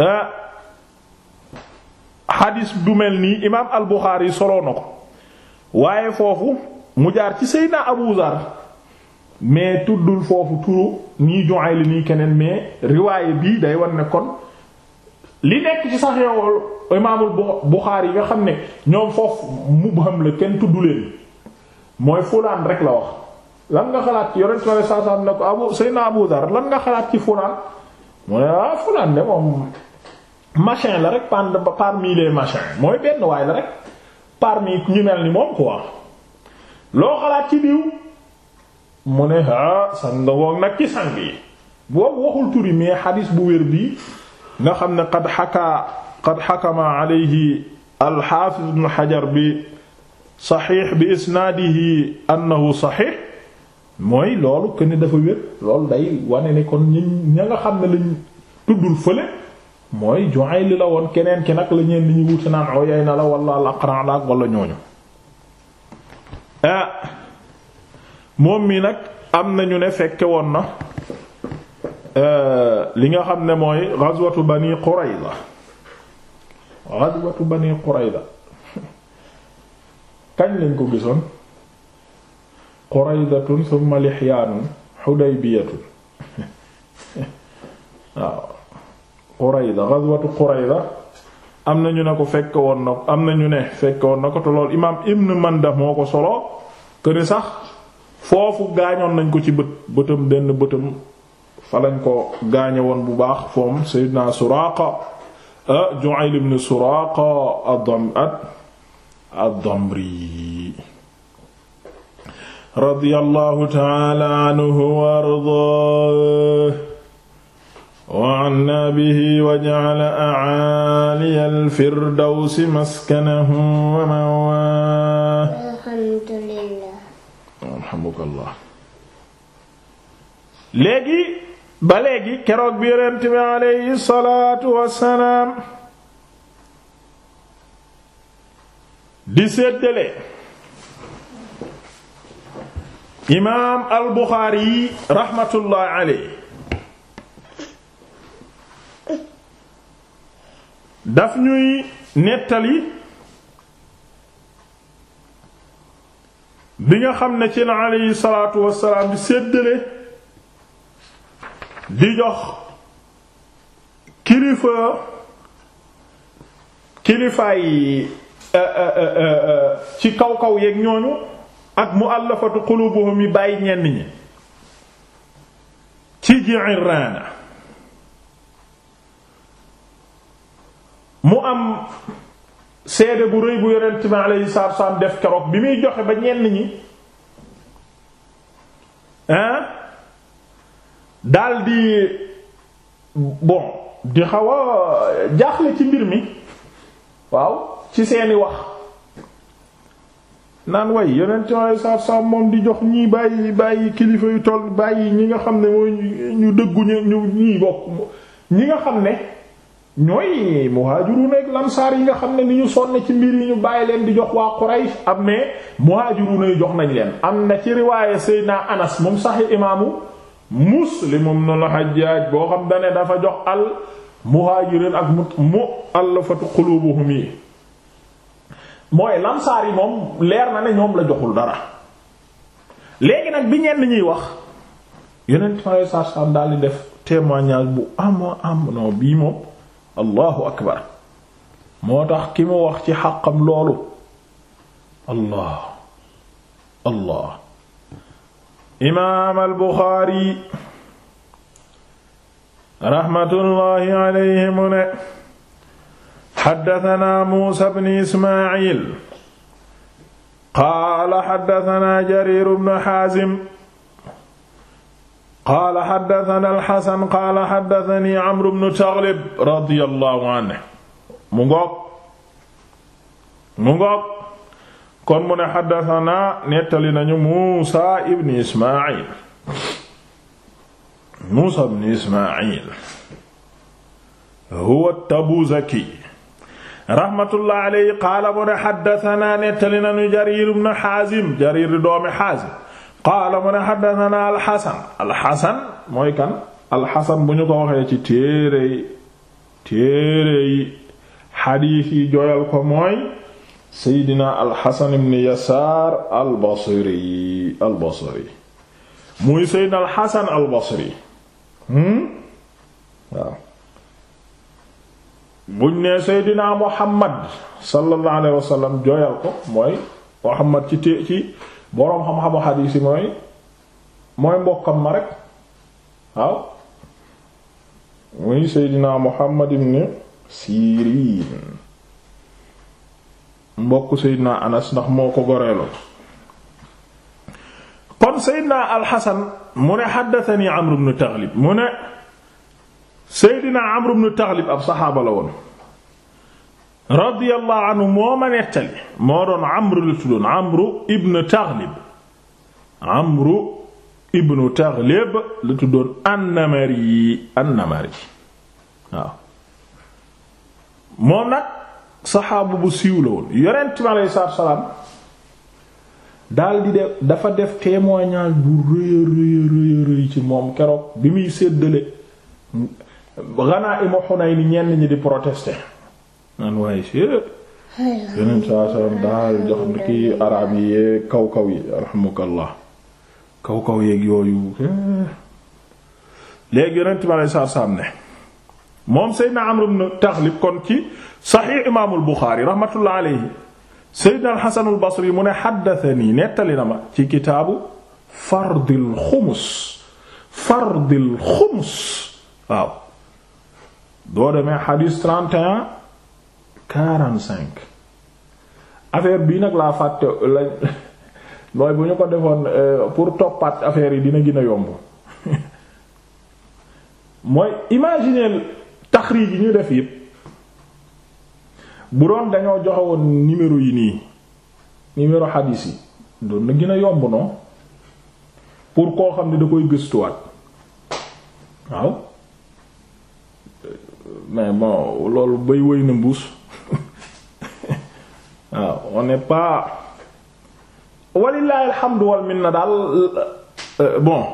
ah xadiis du mel nii imaam al-Buxaari soloo na ko waaye foofu mu jaar ci Seydina Abu Zar mais tuddul foofu turu nii Ju'ayl nii keneen mais riwaaye bii day war nekkoon kon li nekk ci saxeewul imaamul Buxaari yi nga xam ne ñoom foofu mubham la kenn tuddu leen mooy fulaan rek la wax lan nga xalaat ci yonent sallallahu alayhi wasallam ne ko abu sayna abu dhar lan nga xalaat ci fulaan mu ne ah fulaan de moom machin la rek parmi les machins mooy benn waay la rek parmi ñu mel ni moom quoi loo xalaat ci diw mu ne ah sang woog nag ci sang waxul turi mais xadis bu wér bi nga xam ne qad xaka qad xakama alayhi al-Hafiz ibn bi saxiix bi isnaadihi annahu saxiix mooy loolu que ne dafa wér loolu day wane ni kon ñun ña nga xam ne lañ tuddul fële mooy Ju'ayl li la woon keneen ki nag la li ñu wuti naan Uyayna la wala al ñooñu ah, moom mii nag am nañu ne fekke woon na euh, li nga xam ne mooy ghazwatu Bani Qurayza ghazwatu Bani Qurayza kañ lañ ko gisoon quraydatun thumma lihyaanun hudaybiyatun (laughs) waaw qurayda ghazwatu qurayda am na ñu ne ko fekk woon na am na ñu ne fekk woon na ko te lool imaam ibn manda moo ko solo këni sax foofu gaañoon nañ ko ci bët bëtam benn bëtam fa lañ ko gaañe woon bu baax foom seydina suraaqa ah, ju'ayl ibn suraaqa ad-dam'at ad-Damri radiyallahu ta'ala anhu wa ardaahu wa anna bihi wa ja'ala a'aaliya al-firdawsi maskanahu wa ma'waahu alhamdulillah alhamdulillah léegi ba léegi keroog bi Yonent bi alayhi salaatu wa salaam di séddale imaam al Buxaari raxmatullahi alayhi daf ñuy nettali bi nga xam ne ci la alayhi salaatu wassalaam di séddale di jox kilifa kilifaay Eh, eh, eh, ci kaw kaw yeeg ñooñu ak mu'allafatu qulubuhum yi bàyyi ñenn ñi ci Ji'irraana mu am seede bu réy bu yonent bi alayhi salaatu wa salaam def keroog bi muy joxe ba ñenn ñi hein daldi bon di xaw a ci mbir mi waaw ci seeni wax naan way yonent ay saab moom di jox ñii bàyyi bàyyi kilifa yu toll bàyyi ñi nga xam ne mooy ñu dëggu ñu ñii bokk ñi nga xam ne ñooy muhajiruna ak lamsaar yi nga xam ne ni ñu sonne ci mbir yi ñu bàyyi leen di jox waa Quraysh am ne muhajiruna yi jox nañ leen am na ci riwaaye Seydina Anas moom saxi imaamu Muslim ibn al-Hajjaj boo xam dane dafa jox àll al muhajirin ak mu mu allafatu qulubuhum yi mooy lamsaar yi moom leer na ne ñoom la joxul dara léegi nag bi ñenn ñuy wax yeneen tamit sarsam daal di def témoignage bu am am non bii moom allahu akbar moo tax ki mu wax ci xaqam loolu allah allah imaam al buxaari raxmatullaahi mu ne xaddatanaa muusa bni ismail qaala xaddatanaa jariru bnu xaazim qaala xaddatanaa alxasan qaala xaddatanii amru bnu taglib radiyallahu anhu mu ngoog mu ngoog kon mu ne xaddatanaa nettali nañu muusa ibni ismail muusa bni ismail huwa tabuzaki rahmatullah alayhi qaala mu ne xaddatanaa nettali nañu jarir ibn xaazim jarir di doomi xaazim qaala mu ne xaddatanaa alxasan alxasan mooy kan alxasan bu ñu ko waxee ci téere yi téere yi xadiis yi jooyal ko mooy seydina alxasan ibn yasaar albasri albasri muy seydina alxasan albasri hmm? waaw buñ ne seydinaa muhammad sallallahu alayhi wasallam jooyal ko mooy muhammad ci té ci boroom xam-xamu xadiis mooy mooy mbokkam ma rek waaw muy seydinaa muhammad ibn siiriin mbokk seydinaa anas ndax moo ko goreeloo kon seydinaa alxasan mu ne xaddatani amru ibn taglib mu ne Seydina Amr ibn Taghlib ab saxaaba la woon radiyallahu anhu moo ma nettali moo doon Amr la tuddoon Amr ibn Taghlib Amr ibn Taghlib la tuddoon Annamari Annamari moom nag saxaaba bu siiw la woon yonent mi def dafa def témoignage bu rëy a rëy rëy ci moom keroog bi muy séddale ghanaa'imu Hunayn ni ñenn ñi di protester naan waaye séet yeneen saa salaam daal jox ni kii araab yi yeeg kaw kaw yi alxamukallah kaw kaw yeeg yooyu eh. léegi yeneen time saa saam ne moom seydna Amr ibn Taxlib kon ci saxiix imaamul Buxaari raxmatullah seydna alxasanul basri mu ne xaddatani nettali na ma ci kitaabu fardil xumus fardil xumus waaw doo demee xadiis 31 45 affaire bii nag laa fàtte la mooy bu ñu ko defoon euh, pour toppaat affaire yi dina gën a yomb mooy imaginer taxriij yi ñu def yépp bu doon dañoo joxewoon woon numéro yi nii numéro xadiis yi doon na gën a yomb non pour koo xam ne da koy gëstuwaat waaw mais bon loolu bay wëy na mbuus (laughs) waaw on n'est pas walillahi alhamdu wal daal euh, euh, bon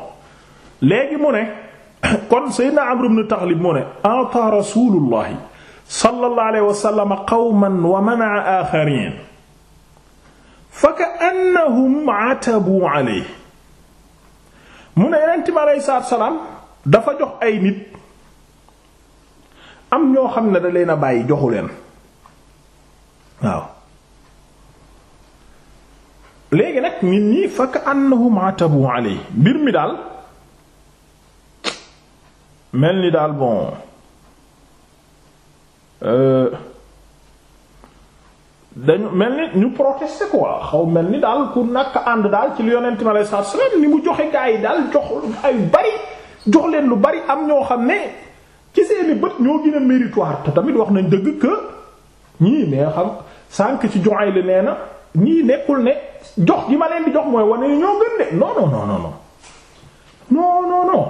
léegi mu ne (coughs) kon sayyidina Amr ibn Taghlib mu ne ata rasulullahi sallallahu alayhi wa sallam qawman wa mana'a akharin fa ka'annahum atabu alayhi mu ne yonent bi alayhi salaatu salaam dafa jox ay nit am ñoo xam ne da leen a bàyyi joxu leen waaw léegi nag nit ñi fakk na annahum atabu alay mbir mi daal mel ni daal bon euh, dañu mel ni ñu protester quoi xaw mel ni daal ku nakk ànd daal ci lu yonent mi aleyhi salaatu wa salaam ni mu joxe gaa yi daal jox ay bari jox leen lu bari am ñoo xam ne ci seeni bët ñoo gën a te tamit wax nañ dëgg que ñii nee xam sànq ci joxay li nee na ñii nekkul ne jox gi ma leen di jox mooy wane ni ñoo gën de non non non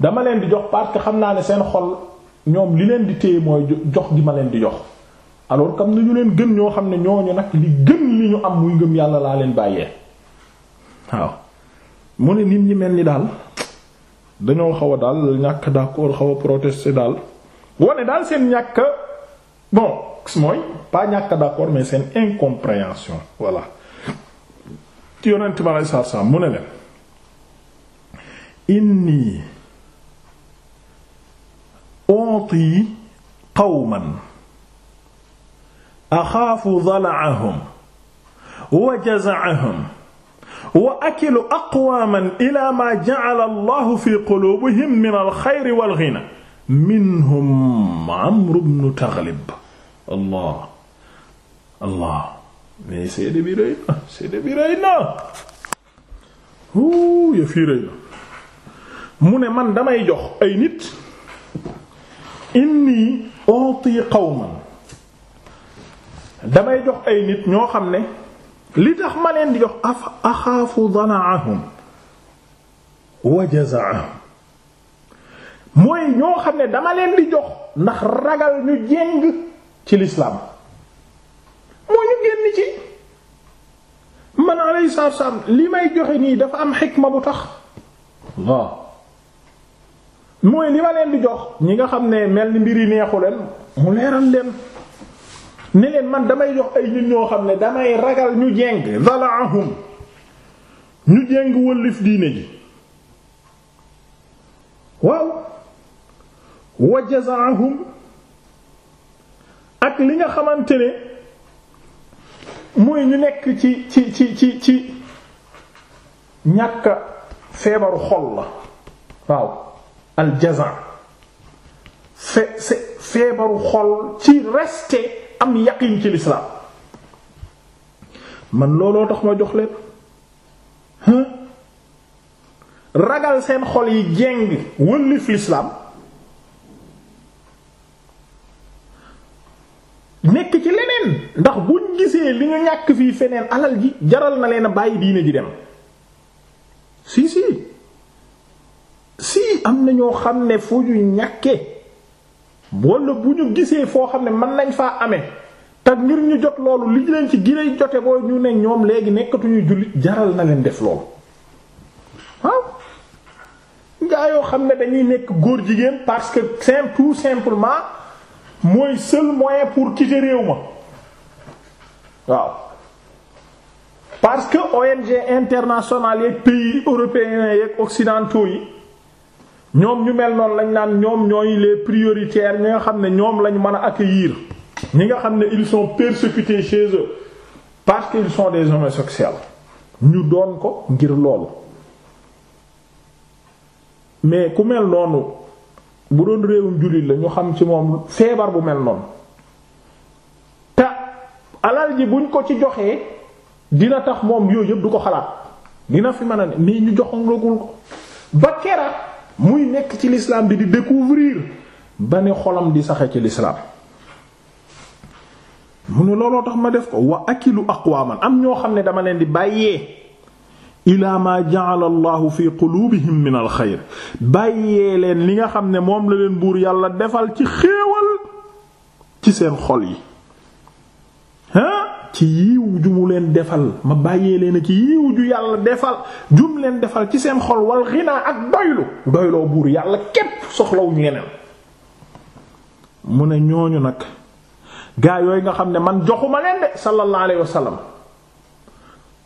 dama leen di jox parce xam naa ne seen xol ñoom li leen di téye mooy jox gi ma leen di jox alors comme nañu leen gën ñoo xam ne ñooñu nag li gën li ñu am muy ngëm yàlla laa leen bàyyee waaw mu ne nit ñi mel ni daal. dañoo xaw a daal ñàkk d'accord xaw a daal wane daal seen ñàkk bon mooy pas ñàkk d'accord mais seen incompréhension voilà ci yonent ma lay saar saam mu ne leen inni onti qawman axaafu dalaahum wa jazaahum wa akilu aqwaaman ilaa maa ja'ala allahu fi quluubihim min alxayri wal ghina minhum amru bnu taglib allah allah mais seede bi rëy na seede bi rëy na hu ya fii rëy na mu ne man damay jox ay nit inni uti qawman damay jox ay nit ñoo xam ne li tax ma leen di jox axaafu danaahum wa mooy ñoo xam ne dama leen di jox ndax ragal ñu jéng ci lislaam moo ñu génn ci man alayhi salaatu salaam li may joxe nii dafa am xikma bu tax waaw mooy li ma leen di jox ñi nga xam ne mel ni mbir yi neexu leen mu leeral leen ne man damay jox ay nit ñoo xam ne damay ragal ñu jeng zalaahum ñu jeng wëllif diine ji waaw wa jazaahum ak li nga xamante ne mooy ñu nekk ci ci ci ci ci ñàkk feebaru xol la waaw al jazaa fe feebaru xol ci rester am yaqiin ci lislaam man looloo tax ma jox lépp ragal seen xol yi jeng wëllif lislaam nekk ci leneen ndax buñ gisee li ñu ñàkk fii feneen alal ji jaral na leen bàyyi diine ji dem si si si am na ñoo xam ne fu ñu ñàkkee wala bu ñu gisee foo xam ne man nañ faa amee te ngir ñu jot loolu li leen ci ginay jote boo ñu ne ñoom léegi nekkatuñu jullit jaral na leen def loolu waaw ngaa yoo xam ne dañuy nekk góor jigéen parce que simple tout simplement mooy seul moyen pour quitter réew ma waaw parce que ONG internationale yeeg pays européens yeeg occidentaux yi ñoom ñu mel noonu lañ naan ñoom ñooy les prioritaires ñi nga xam ne ñoom lañ mën a accueillir ñi nga xam ne ils sont persécutés chez eux parce qu'ils son des homosexuels ñu doon ko ngir loolu mais ku mel noonu bu doon réewum jullit la ñu xam ci moom feebar bu mel noonu te alal ji buñ ko ci joxee dina tax moom yooyu yëpp du ko xalaat dina fi mën a ne mais ñu joxoon ragul ko ba kera muy nekk ci l'islam bi di découvrir ba ne xolam di saxe ci l'islam mu ne looloo tax ma def ko wa akilu aqwaman am ñoo xam ne dama leen di bàyyee ila ma ja'ala allahu fi qulubihim min al bàyyee leen li nga xam ne moom la leen buur yàlla defal ci xéewal ci seen xol yi ci yiiw ju mu leen defal ma bàyyee leen ci yiw ju yàlla defal jum leen defal ci seen xol wal xinaa ak doylu doyloo buur yàlla képp soxlawuñu leneen mu ne ñooñu nag gaa yooyu nga xam ne man joxuma leen de sallallahu alayhi wasallam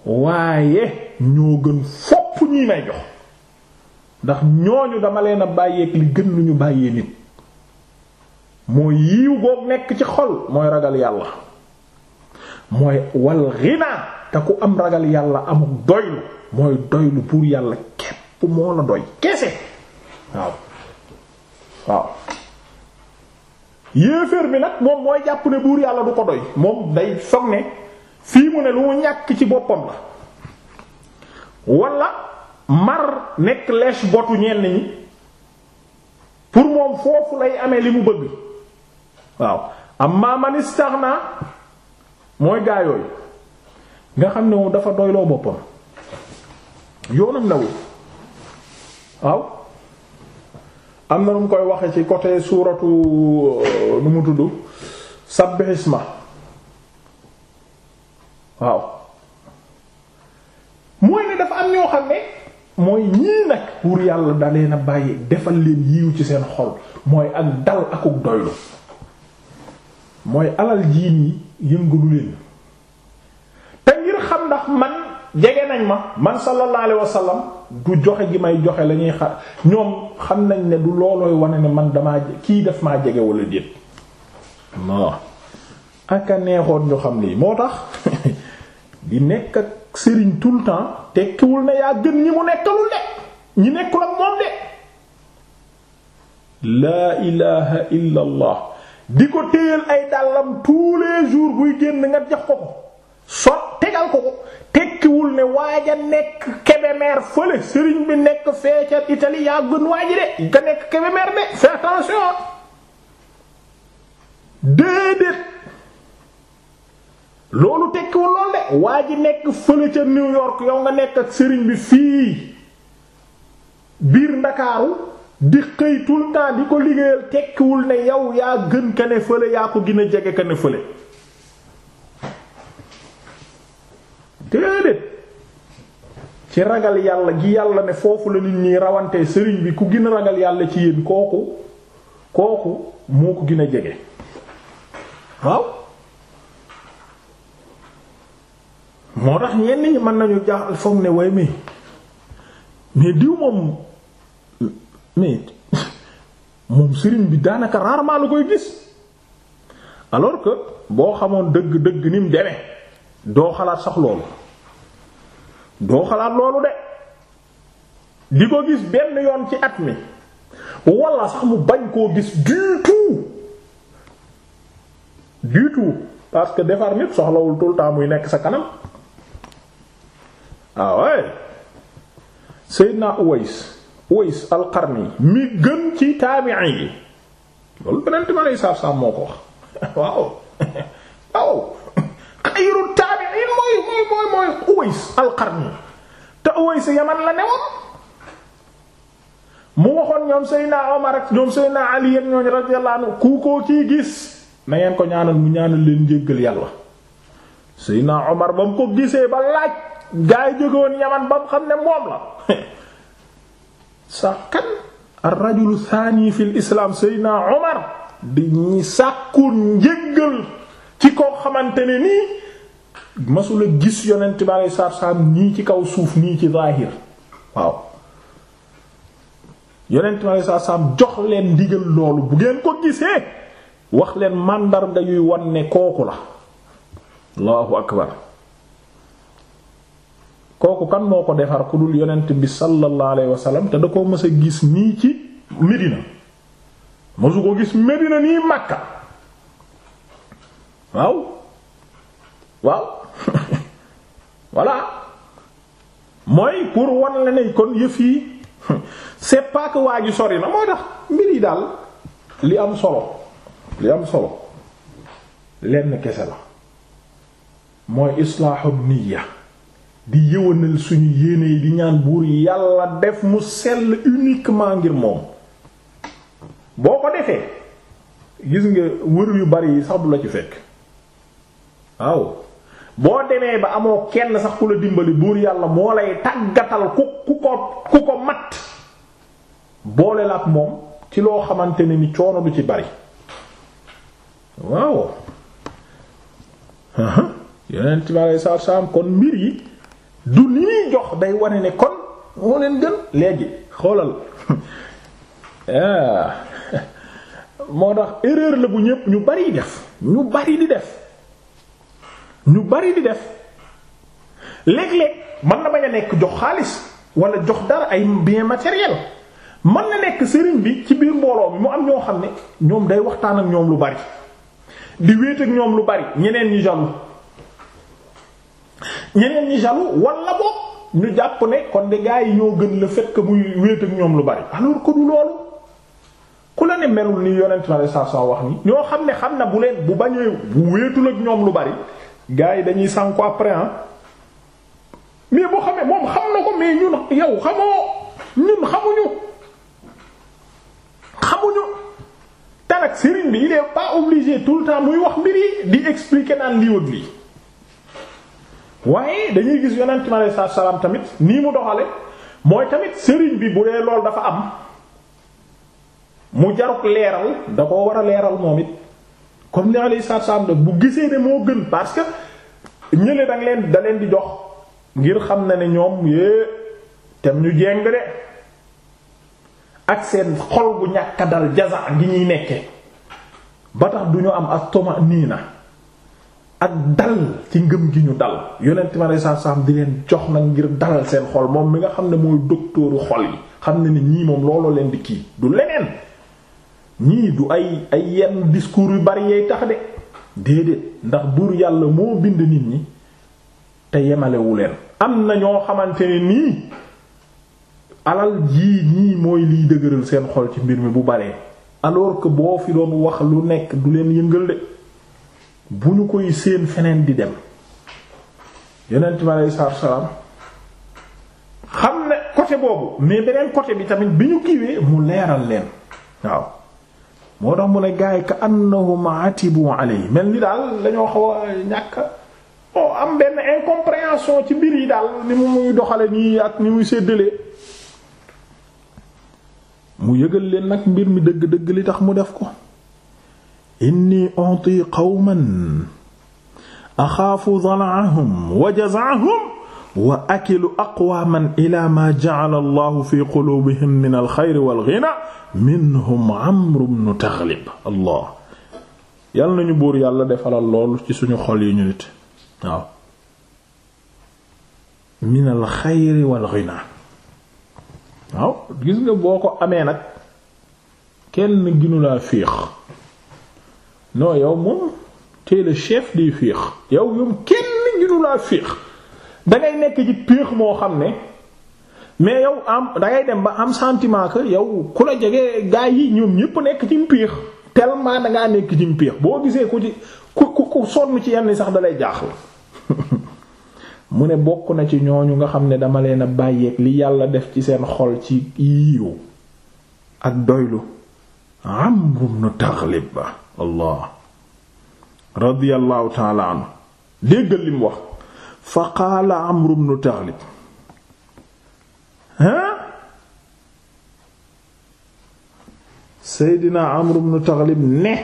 waaye ñoo gën fopp ñi may jox ndax ñooñu dama leen a bàyyeek li gën lu ñu bàyyee nit mooy yiiw boobu nekk ci xol mooy ragal yàlla mooy wal ghina te ku am ragal yàlla amul doylu mooy doylu pour yàlla képp moo la doy kese waaw waaw yéeféer bi nag moom mooy jàpp ne buur yàlla du ko doy moom day foog ne fii mu ne lu mu ñàkk ci boppam la wala mar nekk leech botu ñenn ñi pour moom foofu lay amee li mu bëgg waaw amma man istaghna mooy gaa yooyu nga xam ne moom dafa doyloo boppam yoonam nawul waaw am na nu mu koy waxe ci côté suuratu lu euh, mu tudd sabbihisma waaw mooy ne dafa am ñoo xam ne mooy ñii nag pour yàlla dalee na bàyyi defal leen yiw ci seen xol mooy ak dal akuk doylu mooy alal jii nii yëngalu leen te ngir xam ndax man jege nañ ma man sallallahu alayhi wa sallam du joxe gi may joxe lañuy ñuy ñoom xam nañ ne du loolooy wane ne man damaa kii def maa jege wala déet non aka neexoon ñu xam lii moo tax (laughs) di nekk ak sëriñ tout le temps tekkiwul ne yaa gën ni mu nekkalul de ñi nekkul ak moom de laa ilaha illa di ko téyal ay dàllam tous les buy génn nga jox ko ko sot tegal ko ko tekkiwul ne waaj a nekk Kébémer fële sëriñ bi nekk fee ca Italie yaa gën waaj de nga nekk Kébémer de fais attention déedéet loolu tekkiwul lool de waa ji nekk fële ca New York yow nga nekk ak sëriñ bi fii biir Ndakaaru di xëy tout le di ko liggéeyal tekkiwul ne yow yaa gën ka ne fële yaa ko gën a jege ka ne ci ragal yàlla gi yàlla ne foofu la nit ñi rawante sëriñ bi ku gin a ragal yàlla ci yéen kooku kooku moo ko gën a jege waaw moo tax ñenn ñi mën nañu jaaxal foog ne way mi mais diw moom mais moom sëriñ bi daanaka rarement la koy gis alors que boo xamoon dëgg dëgg ni mu demee doo xalaat sax doo xalaat loolu de di ko gis benn yoon ci at mi walla sax mu bañ koo gis du tout du tout parce que defar nit soxlawul tout le muy nekk sa kanam waaw ah Seydina Uways Uwais al-Qarni mi gën ci taabi'i yi loolu beneen ma lay saaf saaf moo ko wax (laughs) waaw (laughs) waaw xayru taabi'iin mooy mooy mooy mooy al-Qarni te Uwais Yaman la newoon mu waxoon ñoom Seydina Omar ak ñoom Seydina Ali ak ñooñu radiyallahu ku ko ciy gis na ngeen ko ñaanal mu ñaanal leen jéggal yàlla Seydina Omar ba mu ko gisee ba laaj gaa yi Yaman ba mu xam ne moom la. (laughs) sax kan ar-rajulu thani fil islam Seydina Omar di ñuy njëggal ci koo xamante ni nii masula gis yonent bi alei satu salaam nii ci kaw suuf nii ci zaahir waaw yonent bi alei satu salaam jox leen ndigal loolu bu ngeen ko gisee wax leen màndarga yuy wan ne kooku la allahu akbar kooku kan moo ko defar ku dul yonent bi sallallahu alayhi wa te da koo mës a gis nii ci Medina mësu ko gis Medina nii Makka waaw waaw (laughs) voilà mooy pour wan la ne kon yëf yi (laughs) c'est waa ji sori na moo tax mbir daal li am solo li am solo lenn kese la mooy islaahu niyya di yëwanal suñu yéene yi di ñaan buur yàlla def mu sell uniquement ngir moom boo ko defee gis nga wër yu bari yi sax bu la ci fekk waaw boo demee ba amoo kenn sax ku la dimbali buur yàlla moo lay tàggatal ku ku ko ku mat boole la ak moom ci loo xamante ne ni coono du ci bari waaw (laughs) yonent bi aleyhi salaatu wa salaam kon mbir yi du lii jox day wane ne kon moo leen gën léegi xoolal ah. moo tax erreur la bu ñépp ñu bari def ñu bari di def ñu bari di def léeg-léeg mën na bañ a nekk jox xaalis wala jox dara ay bien matériel man na nekk sëriñ bi ci biir mbooloo mi mu am ñoo xam ne ñoom day waxtaan ak ñoom lu bari di wéet ak ñoom lu bari ñeneen ñi jaloux ñeneen ñi jaloux wala boog ñu jàpp ne kon de gars yi ñoo gën la fait que muy wéet ak ñoom lu bari alors que du loolu ku la ne melul ni yonent na saa saa wax ni ñoo xam ne xam na bu leen bu bañee bu wéetul ak ñoom lu bari gars yi dañuy sànku après ah mais boo xamee moom xam na ko mais ñun yow xamoo ñun xamuñu xamuñu tanak sëriñ bi il est pas obligé tout le temps muy wax mbir yi di expliquer naan lii ak lii waaye dañuy gis yonent mi aleyhi salaam tamit nii mu doxale mooy tamit sëriñ bi bu dee lool dafa am mu jaruk leeral da koo war a leeral moom it kon ni aleyhi salaatu salaam bu gisee ne moo gën parce que ñële da leen da leen di jox ngir xam na ne ñoom yée tem ñu jéng de ak seen xol gu ñàkk dal jaza gi ñuy nekke ba tax du ñu am nii na ak dal ci ngëm gi ñu dal yonent mi alayhi salaatu salaam di leen jox nag ngir dalal seen xol moom mi nga xam ne mooy doktooru xol yi xam ne ni ñii moom looloo leen di kii du leneen ñii du ay ay yenn discours yu bari yay tax de déedéet ndax buur yàlla moo bind nit ñi te yemalewu leen am na ñoo xamante ne nii alal jii ñii mooy liy dëgëral seen xol ci mbir mi bu baree alors que boo fi doon wax lu nekk du leen yëngal de bu ñu koy seen feneen di dem yonent bi aleyhi salaam xam ne côté boobu mais beneen côté bi tamit bi ñu kiiwee mu leeral leen waaw moo tax mu ne gaay ka annahum atibu alay mel ni daal lañoo xaw a ñàkk o am benn incompréhension ci mbir yi daal ni muy doxale nii ak ni muy séddalee mu yëgal leen nag mbir mi dëgg-dëgg li tax mu def ko inni uti qawman axaafu dalaahum wa jazaahum wa akilu aqwaaman ila ma ja'ala allahu fi qulubihim min alxayri walghina minhum amru bnu taglib allah yàlla nañu buur yàlla defalal lool ci suñu xol yi ñu nit waaw min alxayri walghina waaw gis nga boo ko amee nag kenn ginu laa fiix non yow moom tee chef di fiix yow yom kenn ginu laa féex dangay nekk ci péex moo xam ne mais yow am dangay dem ba am santiment que yow ku la jege gaa yi ñoom ñépp nekk ci péex tellement dangaa nekk ci péex boo gisee ku ci ku ku ku ci yenn sax dalay jaaxal (laughs) mu ne bokk na ci ñooñu nga xam ne dama leen a bàyyeeg li yàlla def ci seen xol ci yiiw ak doylu am rum nu taxlib ba allah radiyallahu taala anhu déggal lim wax fa qaala amru bnu taghlib ha seydina amru bnu taghlib ne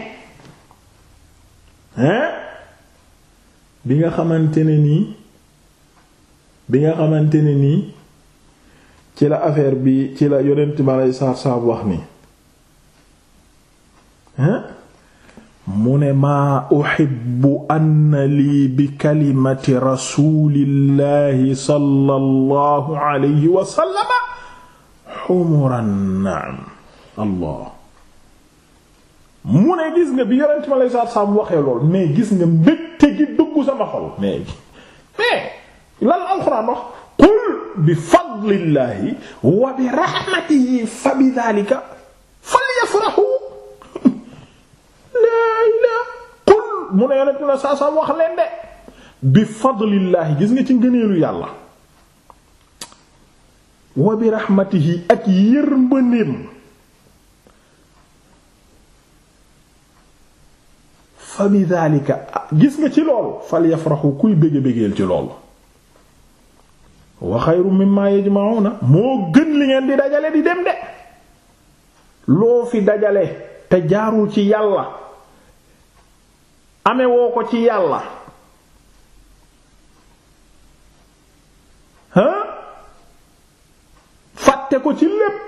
ha bi nga xamante ni nii bi nga xamante ne nii ci la affaire bi ci la yonent ma lay saar saab wax nii hein mu ne maa uhibbu anna lii bi kalimati rasulillahi sallallahu alayhi wa sallama xumuran naam allah mu ne gis nga bi yonent mi alayhi salaatu salaam waxee lool mais gis nga mbégte gi dugg sama xol mais mais lan alxuraan wax qul bi fadlillahi wa bi rahmatihi fa bi dhalika falyafrahu mu ne yonent na saa saa wax leen de bi gis nga ci ngëneelu yàlla wa bi raxmatihi ak yërmandeem fa bi daalika gis nga ci lool fal yafraxu kuy bége bégeel ci lool wa xayru mimma yajma'una moo gën li ngeen di dajale di dem de loo fi dajale te jaarul ci yàlla ame woo ko ci yàlla hein fàtte ko ci lépp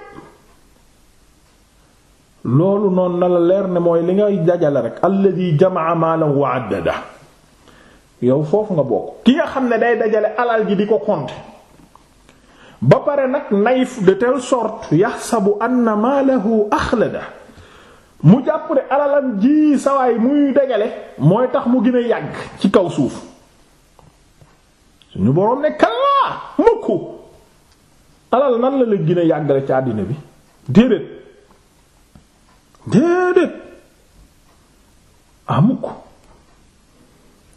loolu noonu na la leer ne mooy li ngay dajale rek alladi jamaa maalan wa addada yow foofu nga bokk ki nga xam ne day dajale alal gi di ko compter ba pare nag nayf de telle sorte yaxsabu anna maalahu axlada mu jàpp ne alalam ji sawaay muy degale mooy tax mu gën yàgg ci kaw suuf suñu boroom ne kallaa mukk alal nan la la gën yàggale ci àddina bi déedéet déedéet ah mukk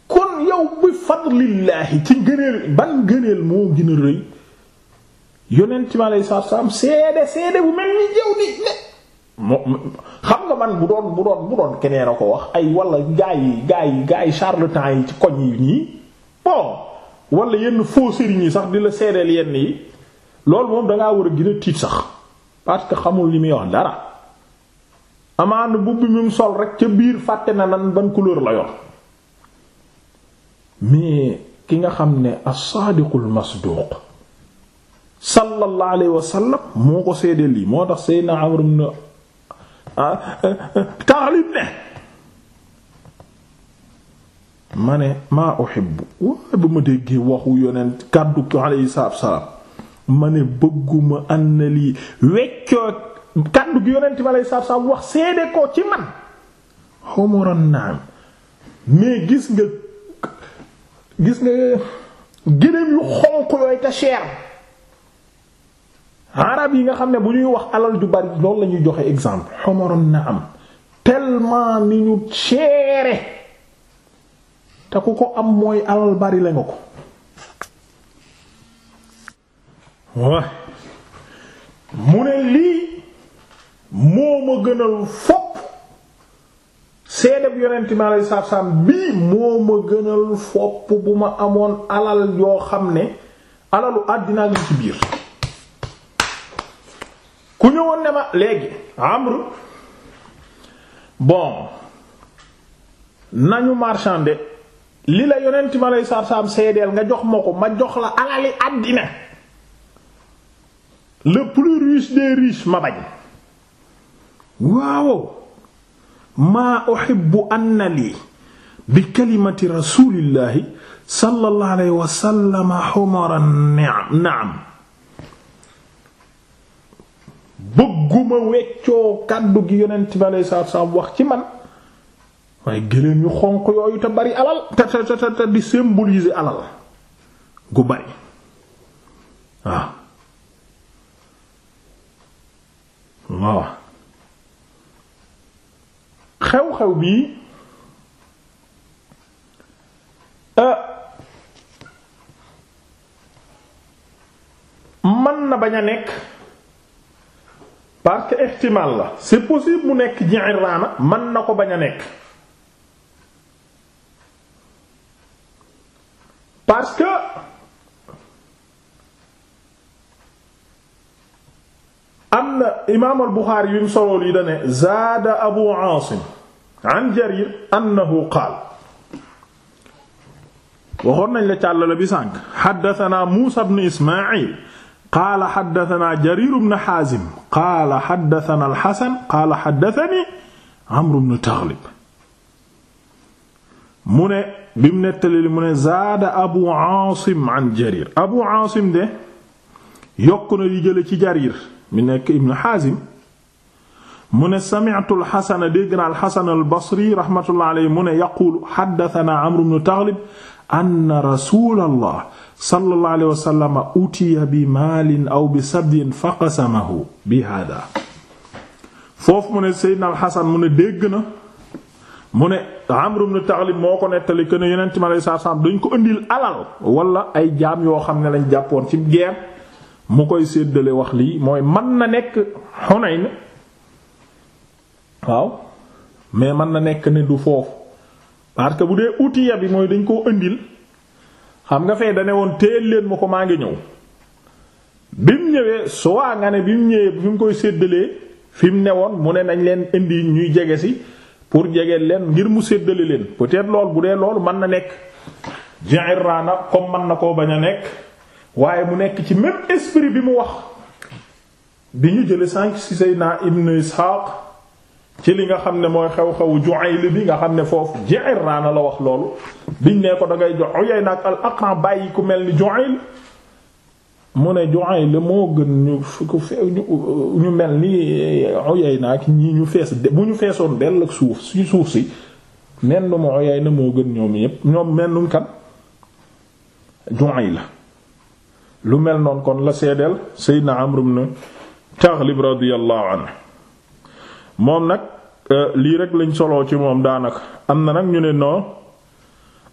kon yow bi fadlillaahi ci ngëneel ban ngëneel moo gën a rëy yonent mi aleyhi salaatu seede seede bu mel ni yow ni moo xam nga man bu doon bu doon keneen a ko wax ay wala gaa yi gaa yi gaa yi charlatan yi ci koñ yi nii bon wala yenn faux sëriñ yi sax di la seedeel yenn yi loolu moom dangaa war a gën a tiit sax parce que xamul yi muy wax dara amaana bu bi mu sol rek ca biir fàtte na nan ban couleur la yor mais ki nga xam ne as-sadiqul masduq sallallahu alayhi wa sallam moo ko seedeel yi moo tax Seydina Amr ibn ah eh, eh, taalib ne ma ne maa uhibbu waaye ba ma déggee waxu yonent kàddu ko alayhi salaatu ma ne bëgguma ànd na lii weccoo kàddu gi yonent bi alayhi salaatu wax seede ko ci man xumuran naam mais gis nga gis nga gëléem yu xonq yooyu te cher arab yi nga xam ne bu ñuy wax alal ju bari loolu la ñuy joxe exemple xomaron na am tellement ni ñu ceere te ku ko am mooy alal bari la ko waa mu ne lii moo ma gënal fopp seede bu yonent mi alayhi salaatu salaam bii moo ma gënal fopp bu ma amoon alal yoo xam ne alalu àddina ak ci biir ku ñëwoon ne ma léegi Amr bon nañu marchander li la yonent ma lay sarsam seedeel nga jox ma ko ma jox la alali àddina le plus riche des riches ma bañ waaw maa uhibbu anna lii bi kalimati rasulillahi sallallahu alayhi wa sallam humara na'am bëgguma weccoo kàddu gi yonent bi aleyhi salaatu wax ci man waaye gëléem yu xonq yooyu te bari alal te te te te di symboliser alal gu bari waaw waaw xew-xew bii euh, man na bañ a nekk parce que ihtimal la c'est possible mu nekk Ji'irraana mën na ko bañ a nekk parce que am na imaam al-Buxaari yu mu solool yi da zaada Abu Aasim an Jarir annahu qaala waxoon nañ la càll la bi sànq haddasanaa Muusaa ibn Ismaa'il qaala xaddatanaa jariru bnu xaazim qaala xaddatana alxasan qaala xaddatani amru bnu taxlib mu ne bi mu nettali li mu ne zaada abu aasim an jarir abu aasim de yokk na li jële ci jarir mi nekk ibnu xaazim mu ne sami'tu alxasana dégg naa alxasan albasri raxmatullahi alayhi mu ne yaquulu xaddatanaa amru bnu taxlib anna rasulallah sallallahu alayhi wa aw bi sabyin fa qasamahu bi hada foofu mu ne Seydina Alxasan mu ne dégg na mu ne Amr ne Taghlib moo ko nettali que ne Yonent mi alayhi dañ ko indil alal walla ay jaam yoo xam ne lañ jàppoon ci guerre mu koy séddale wax lii mooy man na nekk Hunayn waaw mais mën na nekk ne du foofu. parce que bu dee utiya bi mooy dañ koo indil xam nga fee dane woon téel leen ma ko maa ngi ñëw bi mu ñëwee suwaa nga ne bi mu ñëwee bi mu koy séddalee fi mu ne woon mu ne nañ leen indi ñuy jege si pour jege leen ngir mu séddale leen peut-être lool bu dee loolu mën na nekk genre na comme mën na koo bañ a nekk waaye mu nekk ci même esprit bi mu wax bi ñu jële sànq ci Seydina Ibn Ishaq ci li nga xam ne mooy xew-xewu Ju'ayl bi nga xam ne foofu Ji'irraana la wax loolu biñ ne ko dangay jox Uyayna al-Aqra bàyyi ku mel ni Ju'ayl mu ne Ju'ayl moo gën ñu ko ñu mel ni Uyayna ak ñu fees ñu feesoon dell suuf si suuf si menn mu Uyayna moo gën ñoom yépp ñoom mennum kan Ju'ayl la lu mel noon kon la seedeel Seydina Amr ibn Taghlib radiyallahu anhu moom nag euh, lii rek lañ soloo ci moom daanaka am na nag ñu ne noo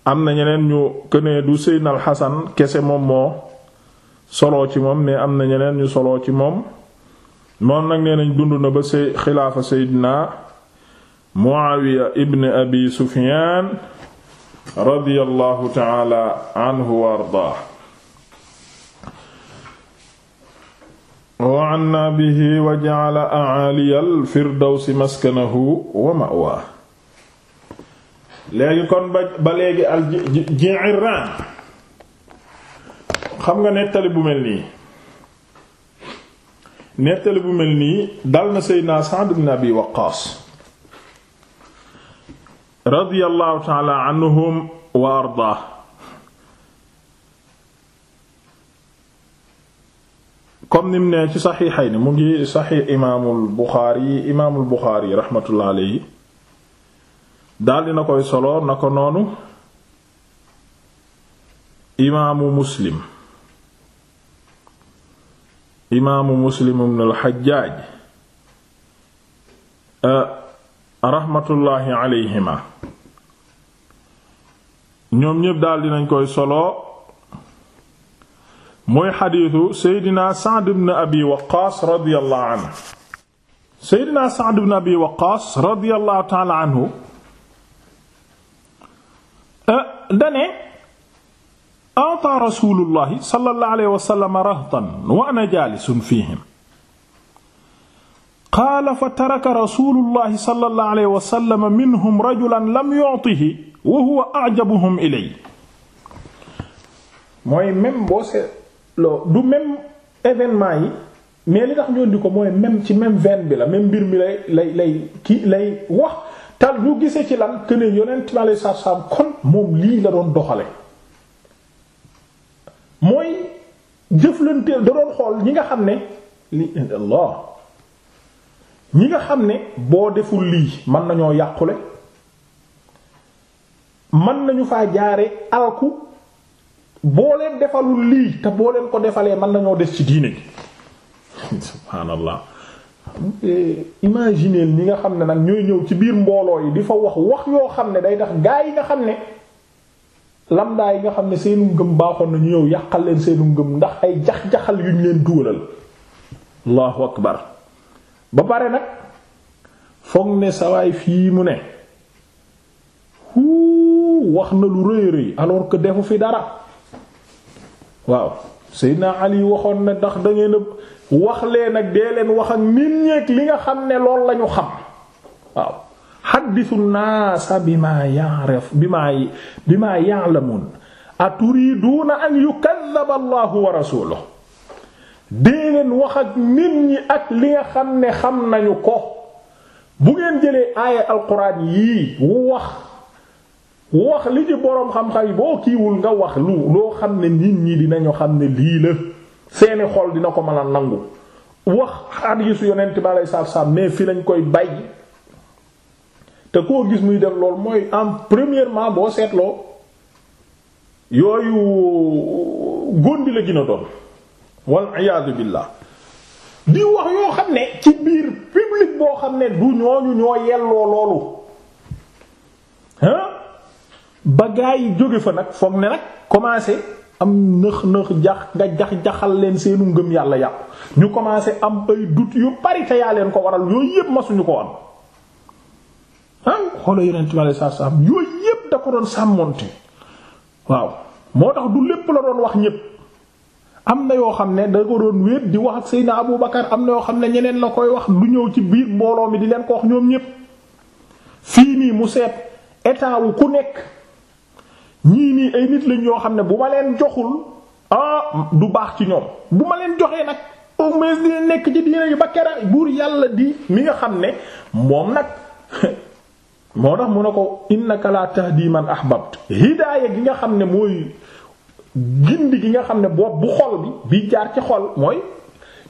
am na ñeneen ñu kënee du seydna alxasan kese moom moo soloo ci moom mais am na ñeneen ñu soloo ci moom moom nag nee nañ dund na ba say xilaafa seydna muawiya ibn abi sufiyaan radiyallahu taala anhu wa ardaa wa anna bihi wa ja'ala a'aliyal firdawsi maskanahu wa ma'waa léegi kon ba ba léegi al Ji'irraan xam nga nettali bu mel nii nettali bu mel nii dal na Seydina Sa'd ibn Abi Waqqaas radiyallahu ta'ala anhum wa ardaah comme nim ne ci saxiixayni mu ngi saxiix imaamul Buxaari imaamul Buxaari raxmatullahi alayhi daldi na koy solo na ko noonu imaamu Muslim imaamu Muslim ibn al-Hajjaaj eh, raxmatullahi alayhima ñoom ñépp daldi nañ koy solo muy xadiisu seydina Sa'd ibn Abi Waqqaas radiyallahu anhu seydina Sa'd ibn Abi Waqqaas radiyallahu ta'ala anhu eh, dane ata rasulullahi sallallahu alayhi wa sallam rahtan wa ana jaalisun fiihim qaala fa taraka rasulullahi sallallahu alayhi wa sallam minhum rajulan lam yu'tihi wa huwa a'jabuhum ilayhi mooy même boo seet loo du même événement yi mais li ko mooy même ci même veine bi la même mbir mi lay lay lay ki lay wax tal ñu gisee ci lan que ne yonent mi lii la doxale mooy jëflanteel da xool ñi nga xam ne li ñi nga xam ne boo deful lii mën nañoo yàqule mën nañu faa jaare alku boo leen defalul lii te boo leen ko defalee mën nañoo des ci diine gi subhaanallah eh, imagineel ñi nga xam ne nag ñooy ñëw ci biir mbooloo yi di fa wax wax yoo xam ne day tax gaa yi nga xam ne lamdaa yi nga xam ne seenu ngëm baaxoon na ñu ñëw yàqal leen seenu ngëm ndax ay jax-jaxal yuñ leen dugalal allahu akbar ba pare nag foog ne sawaay fii mu ne huu wax na lu rëy rëy alors que defu fi dara waaw Seydina Ali waxoon na ndax dangeen ngeen wax leen ak dee leen wax ak nit nga xam ne lool lañu xam waaw xaddisu naasa bi ma yaaref bi ma bi ma yaalamun aturiduuna an yukadaba allahu wa rasuluhu ak ñi ak li nga xam ne xam nañu ko bu ngeen jëlee aaya alquran yii wax wax li ci boroom xam-xam yi boo kiiwul nga wax lu loo xam ne nit ñi dinañu xam ne lii la seeni xol dina ko mën a nangu wax hadiisu yonent bi alayhi salaatu salaam mais fi lañ koy bay te koo gis muy def loolu mooy en premièrement boo seetloo yooyu góndi la gën a doon wal iyaadu billaah di wax yoo xam ne ci biir public boo xam ne du ñooñu ñoo yelloo loolu hein ba gaa yi jóge fa nag foog ne nag commencé am nëx nëx jax nga jax jaxal leen seenu ngëm yàlla yàqu ñu commencé am ay doute yu bari te yaa leen ko waral yooyu yépp masuñu ko am ah xoola yeneen time saa saam yooyu yépp da ko doon sàmmonte waaw moo tax du lépp la doon wax ñépp am na yoo xam ne da ko doon wéet di wax ak Seydina Abu Bakar am na yoo xam ne ñeneen la koy wax du ñëw ci biir mbooloo mi di leen ko wax ñoom ñépp fii nii mu seet état ku nekk ñii nii ay nit lañ yoo xam ne bu ma leen joxul ah du baax ci ñoom bu ma leen joxee nag au moins dina nekk ci diina yu ba keral buur yàlla di mi nga xam ne moom nag (laughs) moo tax mu ne ko innaka la tahdi man ahbabt hidaaya gi nga xam ne mooy gindi gi nga xam ne bopp bu xol bi bi jaar ci xol mooy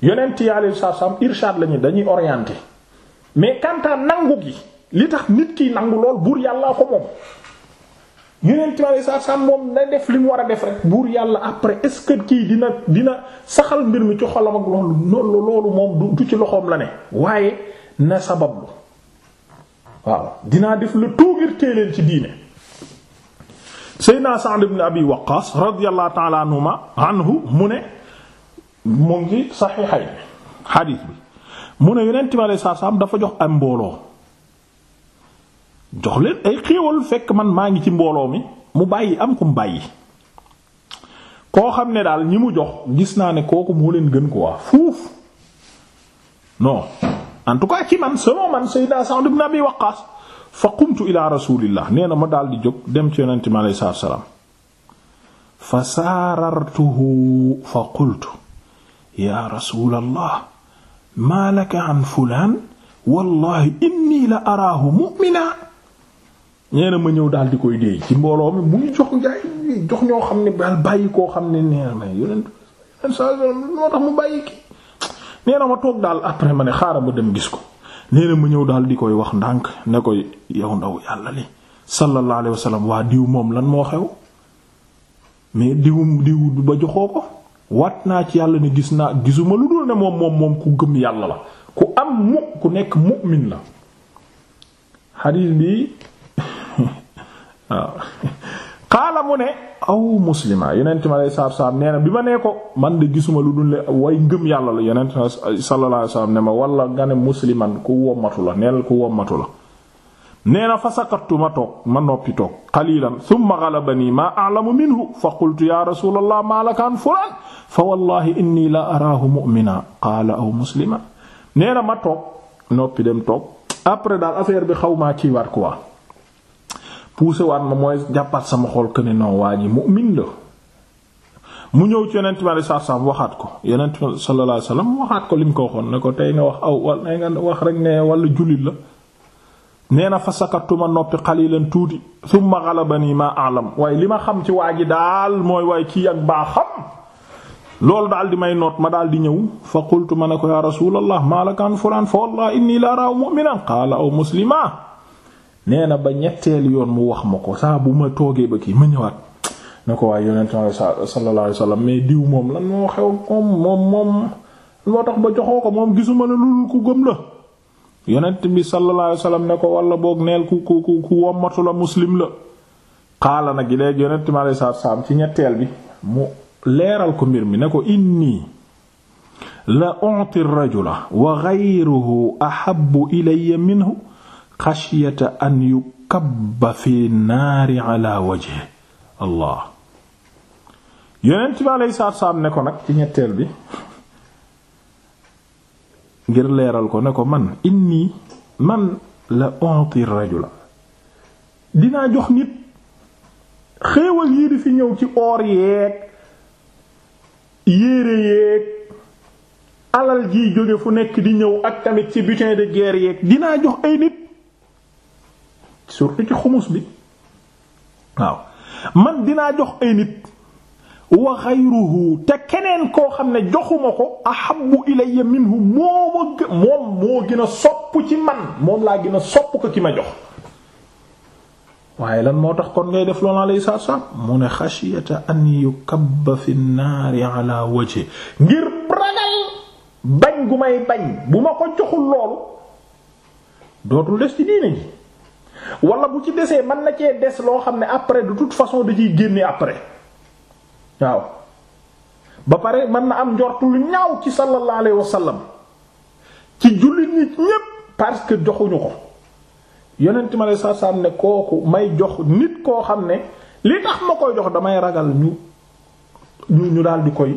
yonent yi alayhi salaam irshad lañu dañuy orienté mais kantaan nangu gi li tax nit kiy nangu lool buur yàllaa ko moom yeneen cibale sax sax moom na def li mu war a def rek buur yàlla après est-ce que kii dina dina saxal mbir mi ci xolam loolu loolu moom du ci loxoom la ne waaye na sabablu waaw dinaa def le tout ngir ci diine Seydina Sa'd ibn Abi Waqqas radiyallahu ta'ala anhuma anhu mu ne mu ngi saxiixay xadiis bi mu ne yeneen cibale sax sax dafa jox am mbooloo jox leen ay xéewal fekk man maa ngi ci mbooloo mi mu bàyyi am ku mu bàyyi koo xam ne daal ñi mu jox gis naa ne kooku moo leen gën ko waa fuuf non en tout cas ci man selon man sayyida Sa'd ibn Abi Waqqas fa qumtu ila rasulillah nee na ma daal di jóg dem ci yonent mi alayhi salaatu salaam fa saarartuhu fa qultu ya rasulallah ma laka fulaan wallahi inni la araahu mu'mina ñeena ma ñëw daal di koy déey ci mbooloo mi muy jox gaay jox ñoo xam ne daal bàyyi koo xam ne nee na yonent moo tax mu bàyyi ma toog daal après ma ne xaaral ma dem gis ko nee ñëw daal di koy wax ndànk ne koy yow ndaw yàlla li sallallahu alayhi waa diw moom lan moo xew mais diw diw ba joxoo ko wat naa ci yàlla ne gis naa gisuma lu dul ne moom moom moom ku gëm yàlla la ku am mu ku nekk mu'min la hadith bi waaw xaala mu ne aw muslima yonent ma lay saab saab nee na bi ma nee ko man de gisuma lu dul way ngëm yàlla la yonent sallallahu alayhi wasallam ne ma wala nga ne musliman ku wommatu la nee na fa sakattu ma toog ma noppi toog qalilan thumma ghalabani ma a'lamu minhu fa qultu ya rasulallah ma laka an fulan fa wallahi inni la araahu mu'mina qaala aw muslima nee na ma toog noppi dem toog après daal affaire bi xaw maa kiiwaat quoi poussé waat ma mooy jàppaat sama xool que ne non waa ji mu'min la mu ñëw ci yonent bi sallallahu alayhi wasallam waxaat ko yonent bi sallallahu alayhi wasallam waxaat ko li mu ko waxoon ne ko tey nga wax aw nga wax rek ne wala jullit la na fa sakatuma noppi xalilan tuuti summa ghalabani ma a'lam waaye li ma xam ci waa ji daal mooy waaye kii ak baaxam loolu daal di may noot ma daal di ñëw fa qultu ma ne ko ya rasulallah ma fulaan fa wallahi inni la ra'a mu'minan qaala aw muslima nee na ba ñetteelu yoon mu wax ma ko saa bu ma toogee ba ki ma ñëwaat ne ko waaye yonent sallallahu alayhi wasallam mais diw moom lan moo xew moom moom moom tax ba joxoo ko moom gisuma la lu ku gëm la yonent bi sallallahu alayhi wasallam ne ko wala boog neel ku ku ku wommatu la muslim la xaala nag yi léegi yonent salaam ci ñetteel bi mu leeral ko mbir mi ne ko inni la u'ti ar-rajula wa ghayruhu ahabbu ilayya minhu xashyata an yukabba fi naari ala allah yonent bi alayhi salaatu salaam ne ko nag ci ñetteel bi ngir leeral ko ne ko man inni man la onti la dinaa jox nit xéewal yii di fi ñëw ci oor yeeg yére yeeg alal jiy jóge fu nekk di ñëw ak tamit ci butin de guerre yeeg dinaa jox ay nit surtout ci xumus bi waaw man dinaa jox ay nit wa xayruhu te keneen koo xam ne joxuma ko ahabbu ilayya minhu moom moom moo gën a sopp ci man moom laa gën a sopp ko ki ma jox waaye lan moo tax kon ngay def loolu alayhi salaatu salaam mu ne xashiyata an yukabba fi naari ala wajhi ngir ragal bañ gu may bañ bu ma ko joxul loolu dootul des ci diine ji wala bu ci desee man na cee des loo xam ne après du toute façon da ciy génne après waaw ba pare mën na am njortu lu ñaaw ci sallallahu alayhi wasallam ci jullit nit ñépp parce que joxuñu ko yonent ma sa saa ne kooku may jox nit koo xam ne li tax ma koy jox damay ragal ñu ñu ñu daal di koy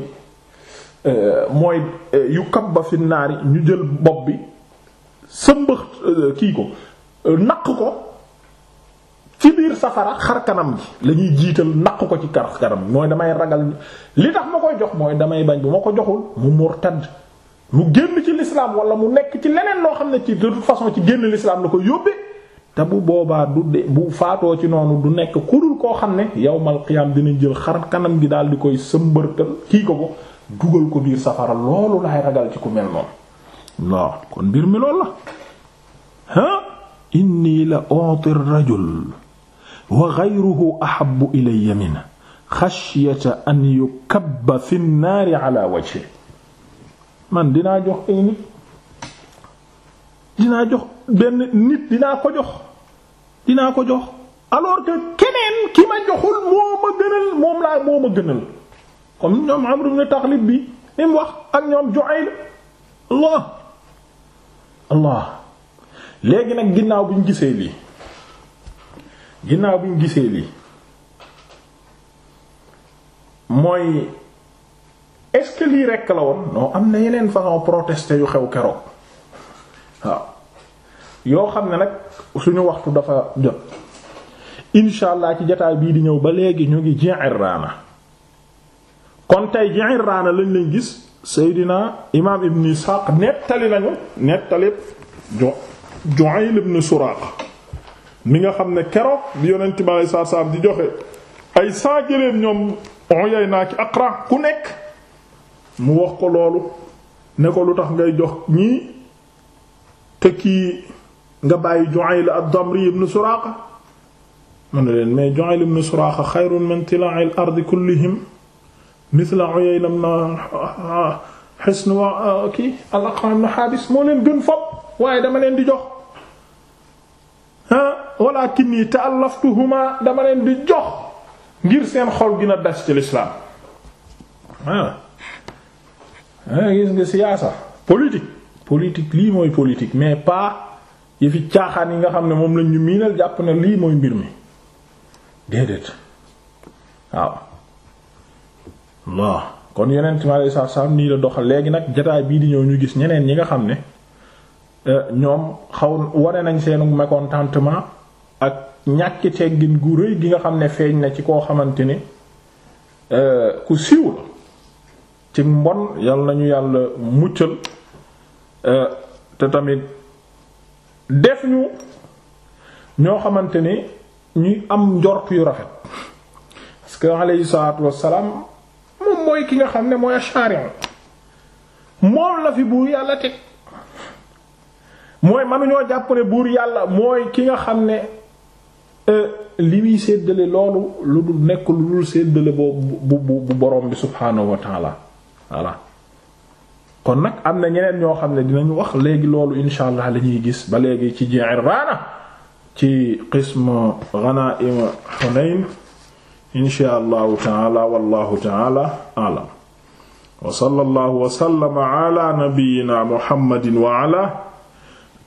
euh, mooy euh, yu kab ba fi naari ñu jël bopp bi sëmbëx euh, kii ko naq ko ci biir safara xar kanam lañuy la jiital naq ko ci kar kanam mooy damay ragal li tax ma koy jox mooy damay bañ bu ma ko joxul mu murtad mu génn ci l'islam wala mu nekk ci leneen loo xam ne ci de toute façon ci génn l'islam la ko yóbbee te bu boobaa du de bu faatoo ci noonu du nekk ku dul koo xam ne yawmal qiyaam dinañ jël xar kanam gi daal di koy sëmbërtal kii ko ko dugal ko biir safara loolu laay ragal ci ku mel noonu waaw kon mbir mi loolu la ah inni la wa ghayruhu ahabbu ilayya minhu xashyata dinaa jox dinaa jox benn dinaa ko jox dinaa ko jox alors que keneen ki ma joxul moo ma gënal moom laa moo ma gënal comme ñoom Amru ibn Taqlib bi li wax ak ñoom Ju'ayl Allah Allah léegi nag ginnaaw bi ñu gisee lii ginnaaw bi ñu gisee lii mooy est lii rekk la woon non am na yeneen façon protester yu xew keroog waaw yoo xam ne nag suñu waxtu dafa jot incha ci jotaay bii di ñëw ba léegi ñu ngi Ji'irraana kon tey Ji'irraana lañ leen gis Seydina imaam Ibn Ishaq nettali nañu nettali Ju'ayl ibn Suraaqa mi nga xam ne keroog di yonent bi aleyhi salaatu salaam di joxe ay saa jëleen ñoom Uyayna ak ku nekk mu wax ko loolu ne ko lu tax ngay jox ñii te kii nga bàyyi Ju'ayl ad-Damri ibn Suraaqa mu ne leen mais Ju'ayl ibn Suraaqa xayrun min tilaa'i al-ardi kullihim mithla Uyayna ibn ah, Hisn wa ah, kii al-Aqra ibn Haabis fopp waaye dama leen di jox walaakin nii ta'allaftuhuma dama leen di jox ngir seen xol dina des ci lislaam ah gis nga siyaasa politique politique lii mooy politique mais yi fi caaxaan yi nga xam ne moom lañ ñu miinal jàpp na lii mooy mbir mi déedéet waaw waaw kon yeneen time alay saa saam nii la doxal léegi nag jataay bii di ñëw ñu gis ñeneen ñi nga xam ne Euh, ñoom xaw ware nañ seenu mécontentement ak ñàkki teggin gu rëy gi nga xam ne feeñ na ci koo xamante ni euh, ku siiw la ci mbon yal nañu yàlla muccal euh, te tamit def ñu ñoo xamante ni ñuy am njort yu rafet parce que alayhi salaatu wassalaam moom mooy ki nga xam ne mooy asharion moom la fi buur yàlla teg mooy mënuñoo jàpp ne buur yàlla mooy ki nga xam ne euh, li muy séddale loolu lu dul nekk lu dul séddale bu bu bu bi subhaanahu wa kon nag am na ñeneen ñoo xam ne dinañ wax léegi loolu insha allah la gis ba léegi ci Ji'irraana ci qism ghanaa'im Hunayn insha allahu taala wallahu taala a'lam wa sallallahu wa sallama ala nabiyyina muhammadin wa ala